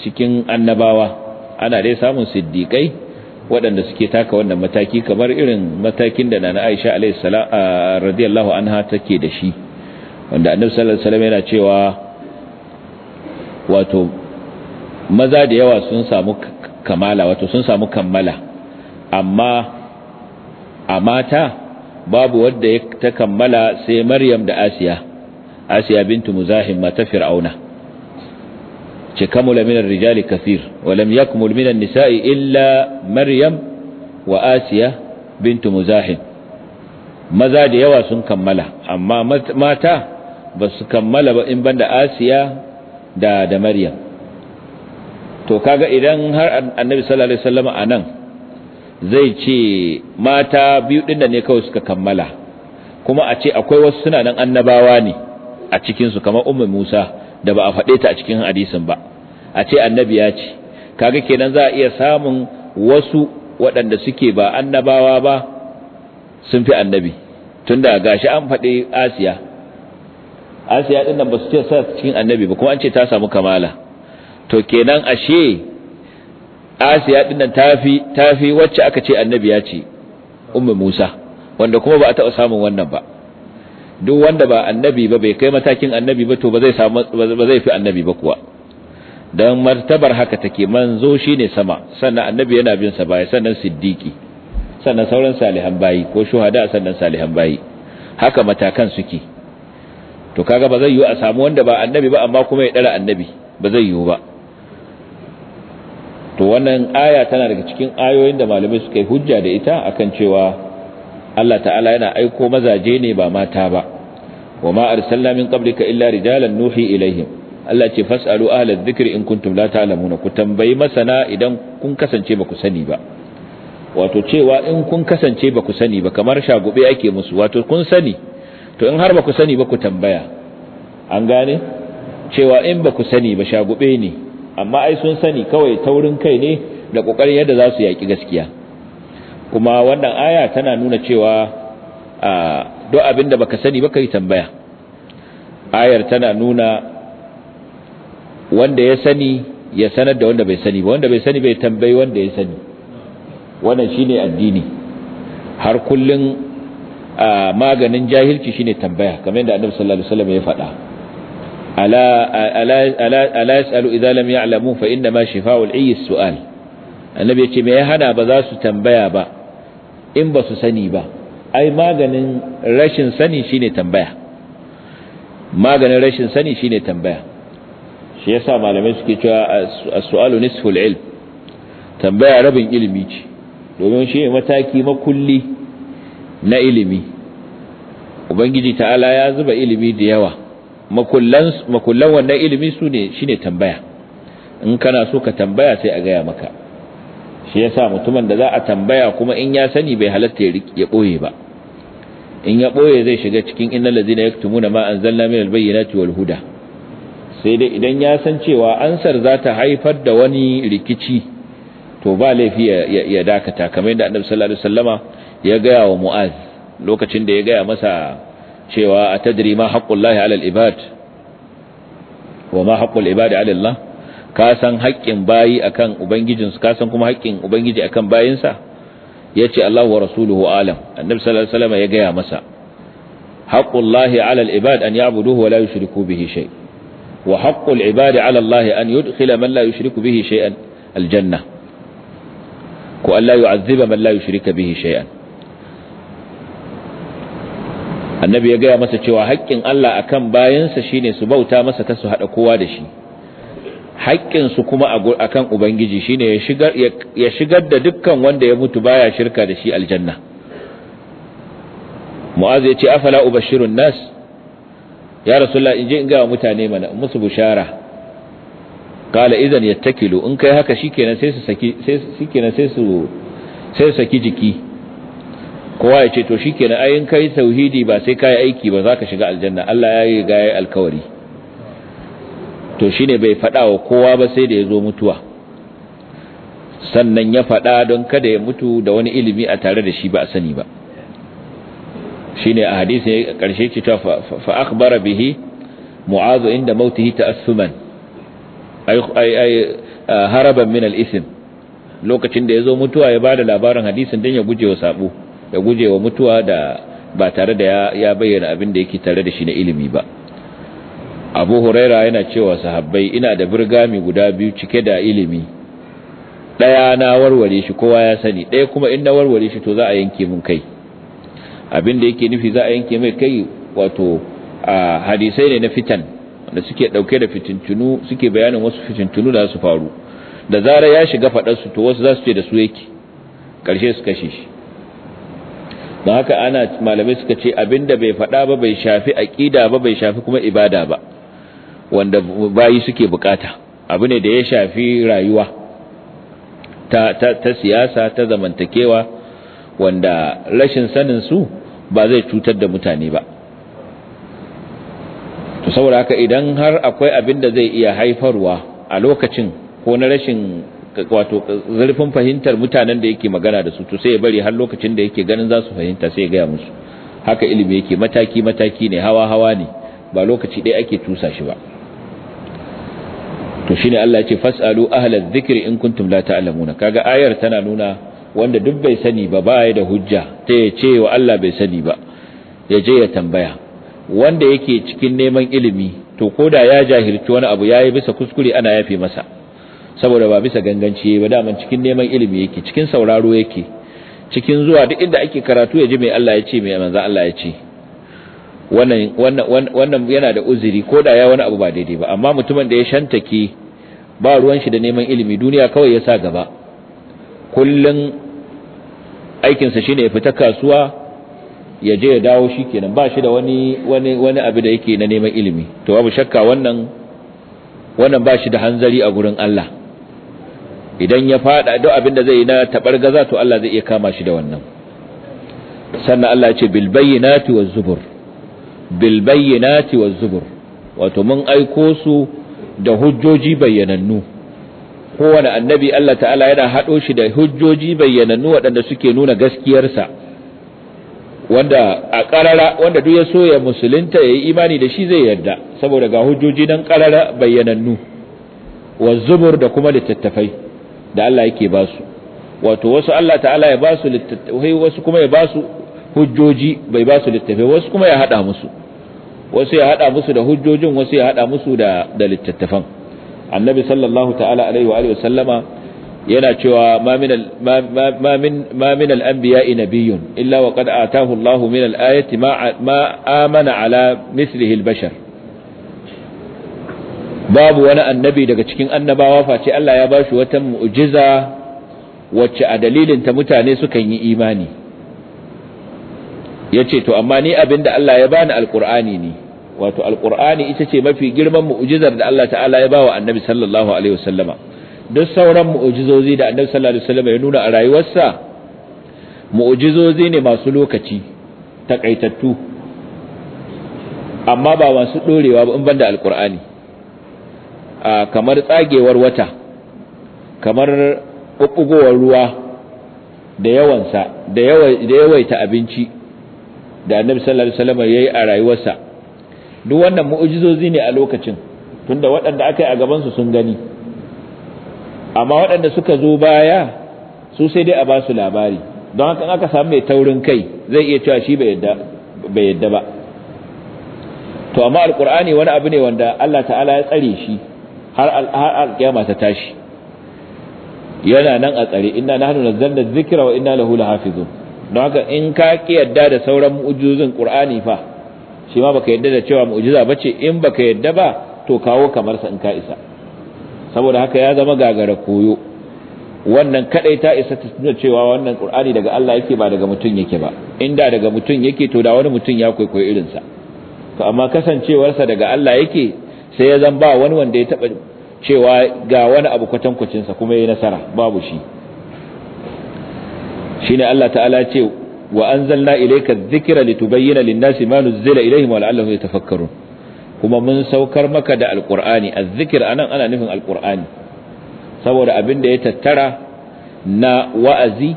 cikin annabawa ana dai samun siddiqai waɗanda suke taka wannan mataki kamar irin matakin da nana Aisha alayhi salatu radiyallahu anha take da shi wanda annabi sallallahu alaihi wasallam yana cewa wato maza da yawa sun samu kamala wato sun samu kammala amma a mata babu wadda ta kammala sai maryam da asiya asiya bintu muzahim mata fir'auna ce kamula minar rijali kafir, walam yakmul nisa'i illa maryam wa asiya bintu muzahim maza da yawa sun kammala amma mata ba su kammala ba in banda asiya da da maryam to kaga idan har annabi sallallahu alaihi wasallam anan zai ce mata biyu din ne kawai suka kammala kuma a ce akwai wasu suna nan annabawa ne a cikin su kamar ummu Musa da ba a faɗe ta a cikin hadisin ba a ce annabi ya ce kaga kenan za a iya samun wasu waɗanda suke ba annabawa ba sun fi annabi tunda gashi an faɗi Asiya asiya ya nan ba su ce sa cikin annabi ba kuma an ce ta samu kamala to kenan ashe asiya ya nan tafi tafi wacce aka ce annabi ya ce ummu musa wanda kuma ba a taɓa samun wannan ba duk wanda ba annabi ba bai kai matakin annabi ba to ba zai samu ba zai fi annabi ba kuwa dan martabar haka take manzo shine sama sannan annabi yana bin sa baya sannan siddiqi sannan sauran salihan bayi ko shuhada sannan salihan bayi haka matakan suke to kaga ba zai yiwu a samu wanda ba annabi ba amma kuma ya dara annabi ba zai yiwu ba to wannan aya tana daga cikin ayoyin da malamai suka yi hujja da ita akan cewa Allah ta'ala yana aiko mazaje ne ba mata ba wa ma arsalna min qablika illa rijalan nuhi ilaihim Allah ce fasalu ahla dhikri in kuntum la ta'lamuna ku tambayi masana idan kun kasance ba ku sani ba wato cewa in kun kasance ba ku sani ba kamar shagube ake musu wato kun sani to in har ba ku sani ba ku tambaya an gane cewa in ba ku sani ba shagube ne amma ai sun sani kawai taurin kai ne da kokarin yadda za su yaki gaskiya kuma wannan aya tana nuna cewa duk abinda baka sani ba yi tambaya ayar tana nuna wanda ya sani ya sanar da wanda bai sani ba wanda bai sani bai tambayi wanda ya sani wannan shine addini har kullun A maganin jahilci shine tambaya kamar yadda annabi sallallahu alaihi wasallam ya faɗa ala ala ala ala yasalu idza lam ya'lamu fa inna ma shifa'ul ayyi su'al annabi ya ce me ya hada ba za su tambaya ba in ba su sani ba ai maganin rashin sani shine tambaya maganin rashin sani shine tambaya shi yasa malamai suke cewa as-su'alu nisful ilm tambaya rabin ilimi ce domin shi mataki makulli na ilimi ubangiji ta'ala ya zuba ilimi da yawa makullan wannan ilimi su ne shi tambaya in kana so ka tambaya sai a gaya maka shi yasa mutumin da za a tambaya kuma in ya sani bai halatta ya ɓoye ba in ya ɓoye zai shiga cikin innal na yaktumuna ma anzalna min albayyinati wal huda sai dai idan ya san cewa ansar za ta haifar da wani rikici to ba laifi ya dakata kamar yadda annabi sallallahu alaihi wasallama ya gaya wa mu'az lokacin da ya gaya masa cewa a tadiri ma haqqullahi alal ibad wa ma haqqul ibadi ala Allah ka san haƙƙin bayi akan ubangijinsu ka san kuma haƙƙin ubangiji akan bayinsa ce Allahu wa rasuluhu alam annabi sallallahu alaihi wasallam ya gaya masa haqqullahi ala al-ibad an ya'buduhu wa la yushriku bihi shay wa haqqul ibadi ala Allah an yudkhila man la yushriku bihi shay'an al-janna ko an la yu'adhiba man la yushrika bihi shay'an annabi ya gaya masa cewa haƙƙin Allah a kan bayansa shine su bauta masa kasu haɗa kowa da shi Haƙƙinsu kuma a kan ubangiji shine ya shigar ya shigar da dukkan wanda ya mutu baya shirka da shi aljanna mu'az ya ce afala ubashirun nas ya rasu, in je in gawa mutane mana musu bushara qala idan yattakilu in kai haka shikenan kenan sai su saki jiki kowa ya ce to shi kenan ayin kai tauhidi ba sai kai aiki ba za ka shiga aljanna Allah ya yi gaye alkawari to shine bai fada wa kowa ba sai da ya zo mutuwa sannan ya fada don kada ya mutu da wani ilimi a tare da shi ba a sani ba shine a hadisi ya karshe ce ta Fa'ak bihi mu'azu inda mauti hita ay haraban min al lokacin da ya zo mutuwa ya bada labarin hadisin don ya guje wa sabo da gujewa mutuwa da ba tare da ya bayyana abin da yake tare da shi na ilimi ba abu huraira yana cewa sahabbai ina da birgami guda biyu cike da ilimi ɗaya na warware shi kowa ya sani ɗaya kuma in na warware shi to za a yanke mun kai abin da yake nufi za a yanke mai kai wato a hadisai ne na fitan wanda suke ɗauke da fitintunu suke bayanin wasu fitintunu da su faru da zarar ya shiga faɗarsu to wasu za su ce da su yake ƙarshe su kashe shi don haka ana malamai suka ce abinda bai faɗa ba bai shafi aƙida ba bai shafi kuma ibada ba wanda bayi suke bukata abu ne da ya shafi rayuwa ta, ta, ta siyasa ta zamantakewa wanda rashin sanin su ba zai cutar da mutane ba to saboda haka idan har akwai abin da zai iya haifarwa a lokacin ko na rashin wato zurfin fahimtar mutanen da yake magana da su to sai ya bari har lokacin da yake ganin za su fahimta sai ya gaya musu haka ilimi yake mataki mataki ne hawa hawa ne ba lokaci ɗaya ake tusa shi ba to shine Allah ya ce fasalu ahlal dhikri in kuntum la ta'lamuna kaga ayar tana nuna wanda duk bai sani ba baya da hujja ta ce wa Allah bai sani ba ya je ya tambaya wanda yake cikin neman ilimi to koda ya jahilci wani abu yayi bisa kuskure ana yafe masa saboda ba bisa ganganci ba daman cikin neman ilimi yake cikin sauraro yake cikin zuwa duk inda ake karatu ya ji mai Allah ya ce mai manzo Allah ya ce wannan wannan wannan yana da uzuri ko da ya wani abu ba daidai ba amma mutumin da ya shantake ba ruwan shi da neman ilimi duniya kawai ya sa gaba kullun aikin sa shine ya fita kasuwa ya je ya dawo shikenan ba shi da wani wani wani abu da yake na neman ilimi to babu shakka wannan wannan ba shi da hanzari a gurin Allah idan ya fada duk abin da zai yi na gaza, to Allah zai iya kama shi da wannan sannan Allah ya ce bil bayyinati waz zubur bil bayyinati waz zubur wato mun aiko su da hujjoji bayyanannu kowane annabi Allah ta'ala yana haɗo shi da hujjoji bayyanannu waɗanda suke nuna gaskiyarsa wanda a ƙarara wanda duk ya so ya musulunta ya yi imani da shi zai yarda saboda ga hujjoji nan ƙarara bayyanannu wa zubur da kuma littattafai da Allah yake ba su wato wasu Allah ta'ala ya ba su littattafai wasu kuma ya ba su hujjoji bai ba su littattafai wasu kuma ya hada musu wasu ya hada musu da hujjojin wasu ya hada musu da da littattafan annabi sallallahu ta'ala alaihi wa alihi wasallama yana cewa ma min ma min ma min al-anbiya'i nabiyyun illa wa qad ataahu Allahu min al-ayati ma ma amana ala mislihi al-bashar babu wani annabi daga cikin annabawa face Allah ya bashi wata mu'jiza wacce a dalilin ta mutane sukan yi imani yace to amma ni abinda Allah ya bani alqur'ani ne wato alqur'ani ita ce mafi girman mu'jizar da Allah ta'ala ya bawa annabi sallallahu alaihi wasallama duk sauran mu'jizozi da annabi sallallahu alaihi wasallama ya nuna a rayuwarsa mu'jizozi ne masu lokaci takaitattu amma ba masu dorewa ba in banda alkur'ani kamar tsagewar wata kamar ɓuɓɓugowar ruwa da yawansa da yawaita abinci da annabi sallallahu alaihi wasallam yayi a rayuwarsa duk wannan mu'jizozi ne a lokacin tunda waɗanda aka yi a gaban su sun gani amma waɗanda suka zo baya su sai dai a ba su labari don haka aka samu mai taurin kai zai iya cewa shi bai yadda ba to amma alkur'ani wani abu ne wanda Allah ta'ala ya tsare shi har al-kiyama ta tashi yana nan a tsare inna nahnu nazzalna dhikra wa inna lahu lahafizun don haka in ka ki yadda da sauran mu'jizun qur'ani fa shi ma baka yadda da cewa mu'jiza bace in baka yadda ba to kawo kamar sa in ka isa saboda haka ya zama gagara koyo wannan kadai ta isa ta tuna cewa wannan qur'ani daga Allah yake ba daga mutun yake ba inda daga mutun yake to da wani mutun ya koyi irin sa to amma kasancewarsa daga Allah yake sai ya zan ba wani wanda ya taba cewa ga wani abu kwatankwacin sa kuma yi nasara babu shi shine Allah ta'ala ce wa anzalna ilayka adh-dhikra litubayyana lin-nasi ma nuzila ilayhim wa la'allahum yatafakkarun kuma mun saukar maka da alqur'ani adh anan ana nufin alqur'ani saboda abin da ya tattara na wa'azi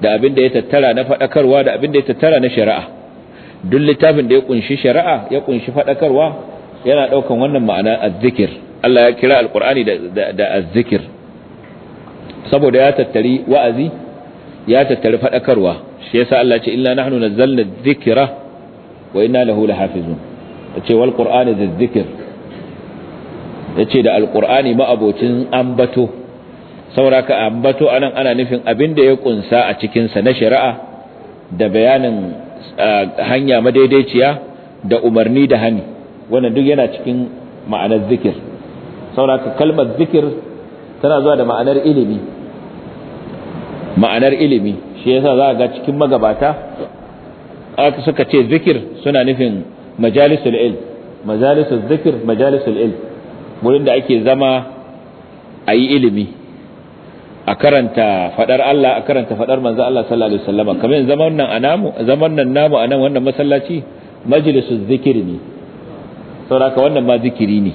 da abin da ya tattara na fadakarwa da abin da ya tattara na shari'a duk littafin da ya kunshi shari'a ya kunshi fadakarwa yana daukan wannan ma'ana azzikir Allah ya kira alqur'ani da da azzikir saboda ya tattari wa'azi ya tattari fadakarwa shi yasa Allah ce inna nahnu nazzalna dhikra wa inna lahu lahafizun yace wal qur'ani dhikr yace da alqur'ani ma abocin ambato saboda ka ambato anan ana nufin abin da ya kunsa a cikin sa na shari'a da bayanin ah, hanya madaidaiciya da umarni da hani wannan duk yana cikin ma'anar zikir saboda kalmar zikir tana zuwa da ma'anar ilimi ma'anar ilimi shi yasa za ga cikin magabata aka suka ce zikir suna nufin majalisul ilm majalisul zikir majalisul ilm wurin da ake zama a yi ilimi a karanta fadar Allah a karanta fadar manzo Allah sallallahu alaihi wasallam kamar zaman nan a namu zaman nan namu a nan wannan masallaci majalisul zikir ne sauraka wannan ma zikiri ne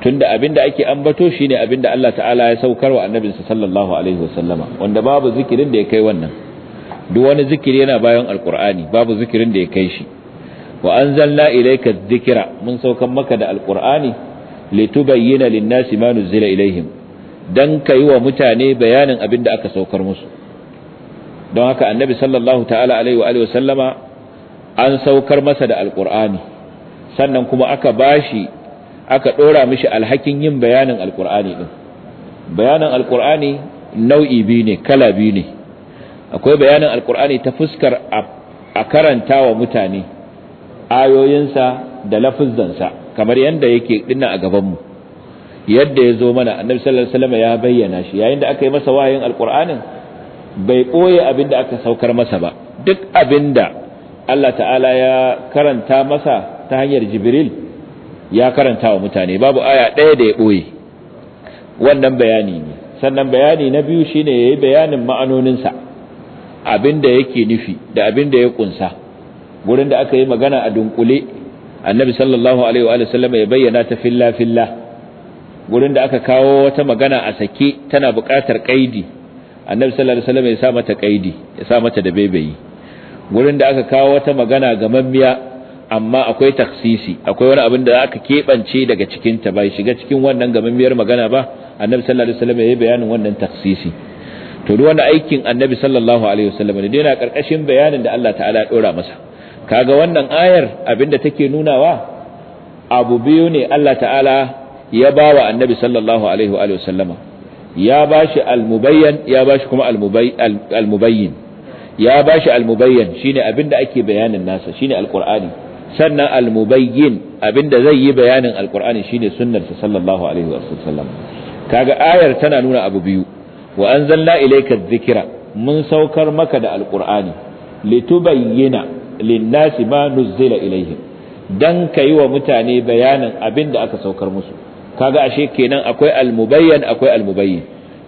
tunda abinda ake ambato shine abinda Allah ta'ala ya saukar wa annabinsa sallallahu alaihi wasallama wanda babu zikirin da ya kai wannan duk wani zikiri yana bayan alqur'ani babu zikirin da ya kai shi wa anzalna ilayka dhikra mun saukan maka da alqur'ani litubayyana lin-nasi ma nuzila ilaihim dan kai wa mutane bayanin abinda aka saukar musu don haka annabi sallallahu ta'ala alaihi wa alihi wasallama an saukar masa da alqur'ani sannan kuma aka bashi aka dora mishi alhakin yin bayanin alqur'ani din bayanin alqur'ani nau'i biyu ne kala biyu ne akwai bayanin alqur'ani ta fuskar a karanta wa mutane ayoyinsa da lafuzzansa kamar yadda yake dinna a gabanmu yadda ya zo mana annabi sallallahu alaihi wasallam ya bayyana shi yayin da aka yi masa wahayin alqur'anin bai ɓoye abin da aka saukar masa ba duk abin da Allah ta'ala ya karanta masa ta hanyar jibril ya karanta wa mutane babu aya ɗaya da ya ɓoye wannan bayani ne sannan bayani na biyu shine yi bayanin ma'anoninsa abinda yake nufi da abinda ya kunsa gurin da aka yi magana a dunkule annabi sallallahu alaihi wa sallam ya bayyana ta filla filla gurin da aka kawo wata magana a sake tana buƙatar kaidi annabi sallallahu alaihi wa sallam ya sa mata kaidi ya sa mata da bebeyi gurin da aka kawo wata magana ga mamiya. amma akwai taksisi akwai wani abin da aka keɓance daga cikinta bai shiga cikin wannan gamammiyar magana ba annabi sallallahu alaihi wasallam ya yi bayanin wannan taksisi to duk wani aikin annabi sallallahu alaihi wasallam ne yana karkashin bayanin da Allah ta'ala ya dora masa kaga wannan ayar abinda take nunawa abu biyu ne Allah ta'ala ya bawa annabi sallallahu alaihi wa sallama ya bashi almubayyan ya bashi kuma almubayyin ya bashi almubayyan shine abinda ake bayanin nasa shine alqur'ani sannan almubayyin mubayyin abinda zai yi bayanin alqur'ani shine sunnar sallallahu alaihi wasallam kaga ayar tana nuna abu biyu wa anzalna ilayka adh-dhikra mun saukar maka da alqur'ani litubayyana lin-nasi ma nuzila ilayhim dan kai wa mutane bayanin abinda aka saukar musu kaga ashe kenan akwai almubayyan akwai al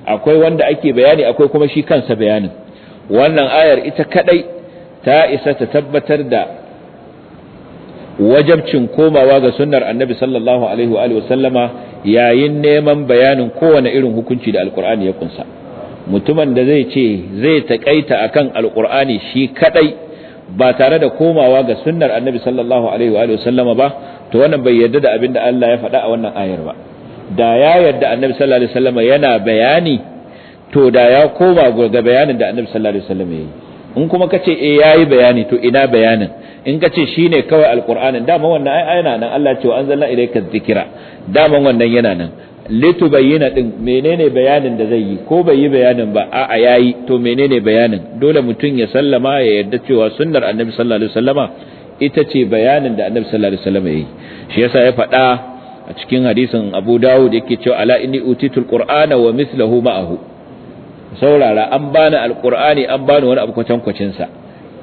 akwai wanda ake bayani akwai kuma shi kansa bayanin wannan ayar ita kadai ta isa ta tabbatar da wajabcin komawa ga sunnar annabi sallallahu alaihi wa sallama yayin neman bayanin kowane irin hukunci da alkur'ani ya kunsa mutumin da zai ce zai takaita akan alkur'ani shi kadai ba tare da komawa ga sunnar annabi sallallahu alaihi wa sallama ba to wannan bai yarda da abinda Allah ya faɗa a wannan ayar ba da ya yarda annabi sallallahu alaihi wasallama yana bayani to da ya koma ga bayanin da annabi sallallahu alaihi wasallama yayi in kuma kace eh yayi bayani to ina bayanin in ka ce shi ne kawai alqur'anin dama wannan ai ayana nan Allah ce wa anzalna ilayka dhikra dama wannan yana nan litubayyana din menene bayanin da zai yi ko bai yi bayanin ba a a yayi to menene bayanin dole mutum ya sallama ya yarda cewa sunnar annabi sallallahu alaihi wasallama ita ce bayanin da annabi sallallahu alaihi wasallama yayi shi yasa ya faɗa a cikin hadisin Abu Dawud yake cewa ala inni utitul qur'ana wa mithluhu ma'ahu saurara an bani alqur'ani an bani wani abu kwatankwacin sa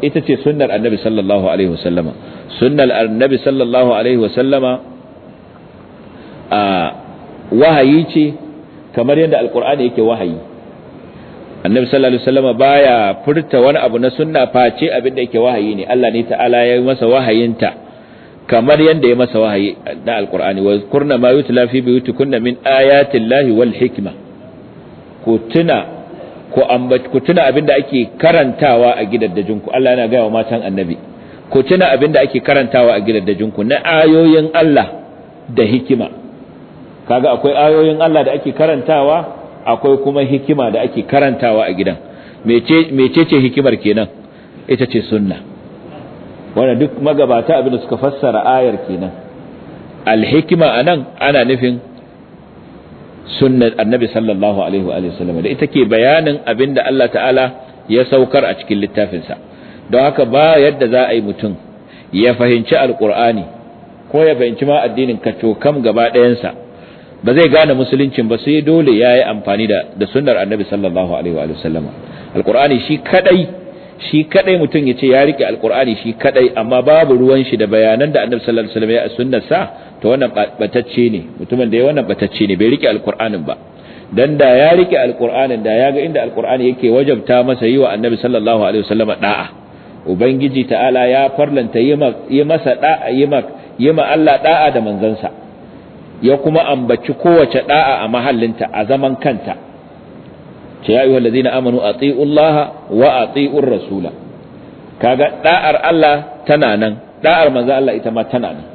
ita ce sunnar annabi sallallahu alaihi wasallama sunnar annabi sallallahu alaihi wasallama a wahayi ce kamar yadda alkur'ani yake wahayi annabi sallallahu alaihi wasallama baya furta wani abu na sunna face abinda da yake wahayi ne Allah ne ta'ala ya yi masa wahayinta kamar yadda ya masa wahayi na alkur'ani wa kurna ma yutla fi buyutikunna min ayati llahi wal hikma ku tuna ku ku tuna abin da ake karantawa a gidaddajinku Allah yana gaya wa matan annabi ku tuna abin da ake karantawa a gidaddajinku na ayoyin Allah da hikima kaga akwai ayoyin Allah da ake karantawa akwai kuma hikima da ake karantawa a gidan mecece hikimar kenan ita ce sunna wanda duk magabata abin da suka fassara ayar kenan alhikima anan ana nufin sunnar annabi sallallahu alaihi wa sallam da ita ke bayanin abin da Allah ta'ala ya saukar a cikin littafinsa don haka ba yadda za a yi mutum ya fahimci alkur'ani ko ya fahimci ma addinin kacokam gaba ɗayansa ba zai gane musuluncin ba sai dole ya yi amfani da sunnar annabi sallallahu alaihi wa sallam alkur'ani shi kadai shi kadai mutum ya ce ya rike alkur'ani shi kadai amma babu ruwan shi da bayanan da annabi sallallahu alaihi wasallam ya sunnar sa to wannan batacce ne mutumin da ya wannan batacce ne bai rike alkur'anin ba dan da ya rike alkur'anin da ya ga inda alkur'ani yake wajabta masa yi wa annabi sallallahu alaihi wasallam da'a ubangiji ta'ala ya farlanta yi masa da'a yi ma Allah da'a da manzansa ya kuma ambaci kowace da'a a mahallinta a zaman kanta ce ya yi wa ladzina amanu ati'u Allah wa a ati'ur rasula kaga da'ar Allah tana nan da'ar manzan Allah ita ma tana nan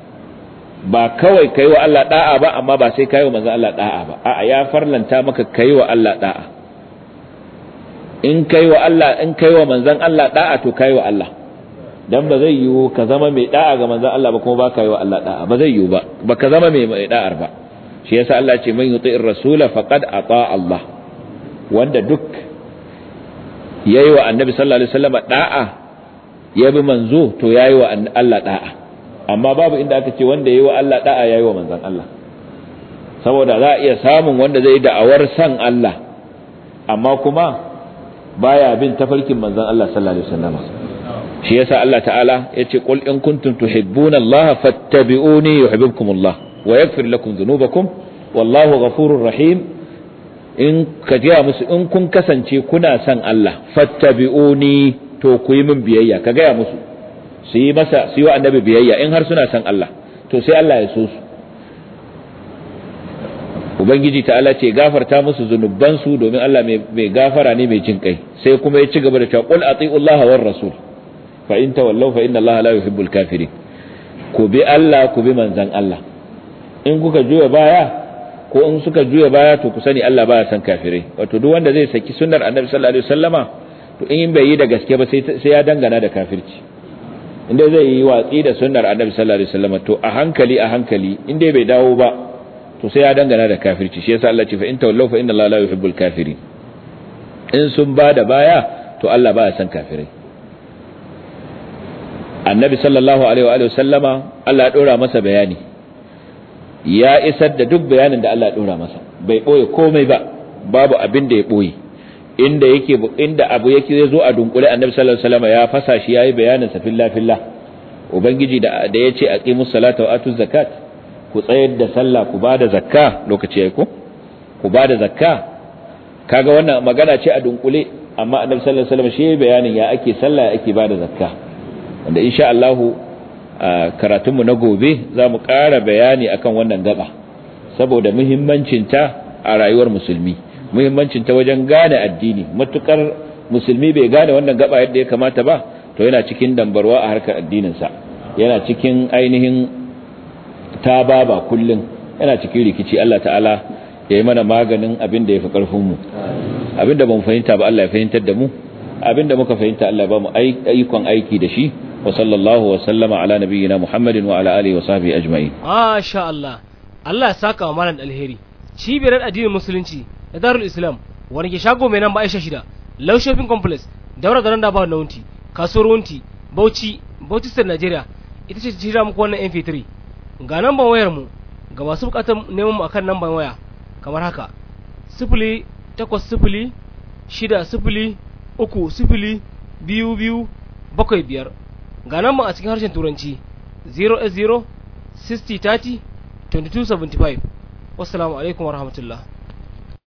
ba kawai ka yi wa Allah da'a ba amma ba sai ka yi wa manzan Allah da'a ba a'a ya farlanta maka ka yi wa Allah da'a in kai wa Allah in kai wa manzan Allah da'a to ka yi wa Allah dan ba zai yiwu ka zama mai da'a ga manzan Allah ba kuma ba ka yi wa Allah da'a ba zai yiwu ba ba ka zama mai da'ar ba shi yasa Allah ce man yuti'ir rasula faqad ata Allah wanda duk ya yi wa annabi sallallahu alaihi wasallam da'a ya bi manzo to ya yi wa Allah da'a amma babu inda aka ce wanda ya yi wa Allah da'a yi wa manzan Allah saboda za a iya samun wanda zai yi da'awar san Allah amma kuma baya bin tafarkin manzan Allah sallallahu alaihi wasallam shi yasa Allah ta'ala yace qul in kuntum tuhibbuna Allah fattabi'uni yuhibbukum Allah wa yaghfir lakum dhunubakum wallahu ghafurur rahim in ka gaya musu in kun kasance kuna son Allah fattabi'uni to ku yi min biyayya ka gaya musu su yi masa su yi wa annabi biyayya in har suna son Allah to sai Allah ya so su ubangiji ta'ala ce gafarta musu zunubansu domin Allah mai gafara ne mai jin kai sai kuma ya ci gaba da cewa qul Allah war rasul fa in tawallaw fa inna Allah la yuhibbul kafirin ku bi Allah ku bi manzan Allah in kuka juya baya ko in suka juya baya to ku sani Allah baya san kafirai wato duk wanda zai saki sunnar annabi sallallahu alaihi wasallama to in bai yi da gaske ba sai ya dangana da kafirci inda zai yi watsi da sunnar annabi sallallahu alaihi wasallama to a hankali a hankali inda bai dawo ba to sai ya dangana da kafirci shi yasa Allah ce fa in tawallaw fa inna Allah la yuhibbul kafirin in sun ba da baya to Allah baya san kafirai annabi sallallahu alaihi wa sallama Allah ya dora masa bayani ya isar da duk bayanin da Allah ɗora masa bai ɓoye komai ba babu abin da ya ɓoye inda yake inda abu yake zai zo a dunkule annabi sallallahu alaihi wasallam ya fasa shi yayi bayanin sa filla-filla. ubangiji da da yace aqimus salata wa atuz zakat ku tsayar da sallah ku bada zakka lokaci yayi ko ku bada zakka kaga wannan magana ce a dunkule amma annabi sallallahu alaihi wasallam shi bayanin ya ake sallah ya ake bada zakka wanda insha Allah karatunmu na gobe za mu ƙara bayani akan wannan gaba saboda muhimmancinta a rayuwar musulmi muhimmancinta wajen gane addini matukar musulmi bai gane wannan gaba yadda ya kamata ba to yana cikin dambarwa a harkar addininsa yana cikin ainihin ba kullum yana cikin rikici Allah ta'ala ya yi mana maganin abin da ya fi ƙarfinmu abin da mu fahimta ba Allah ya fahimtar da mu abin da muka fahimta Allah ba mu ayyukan aiki da shi وصلى الله وسلم على نبينا محمد وعلى آله وصحبه أجمعين ما شاء الله الله ساكا ومالا الهيري cibiyar addinin musulunci na darul islam wani ke shago mai nan aisha shida low shopping complex daura da randa ba na wunti kasuwar wunti bauchi bauchi state Najeriya ita ce jira muku wannan 'yan fetir. ga namban wayar mu ga masu bukatar neman mu akan namban waya kamar haka sifili takwas sifili shida sifili uku sifili biyu biyu bakwai biyar ga nan a cikin harshen turanci 080 60 30 2275 wasu alaikum rahmatullah.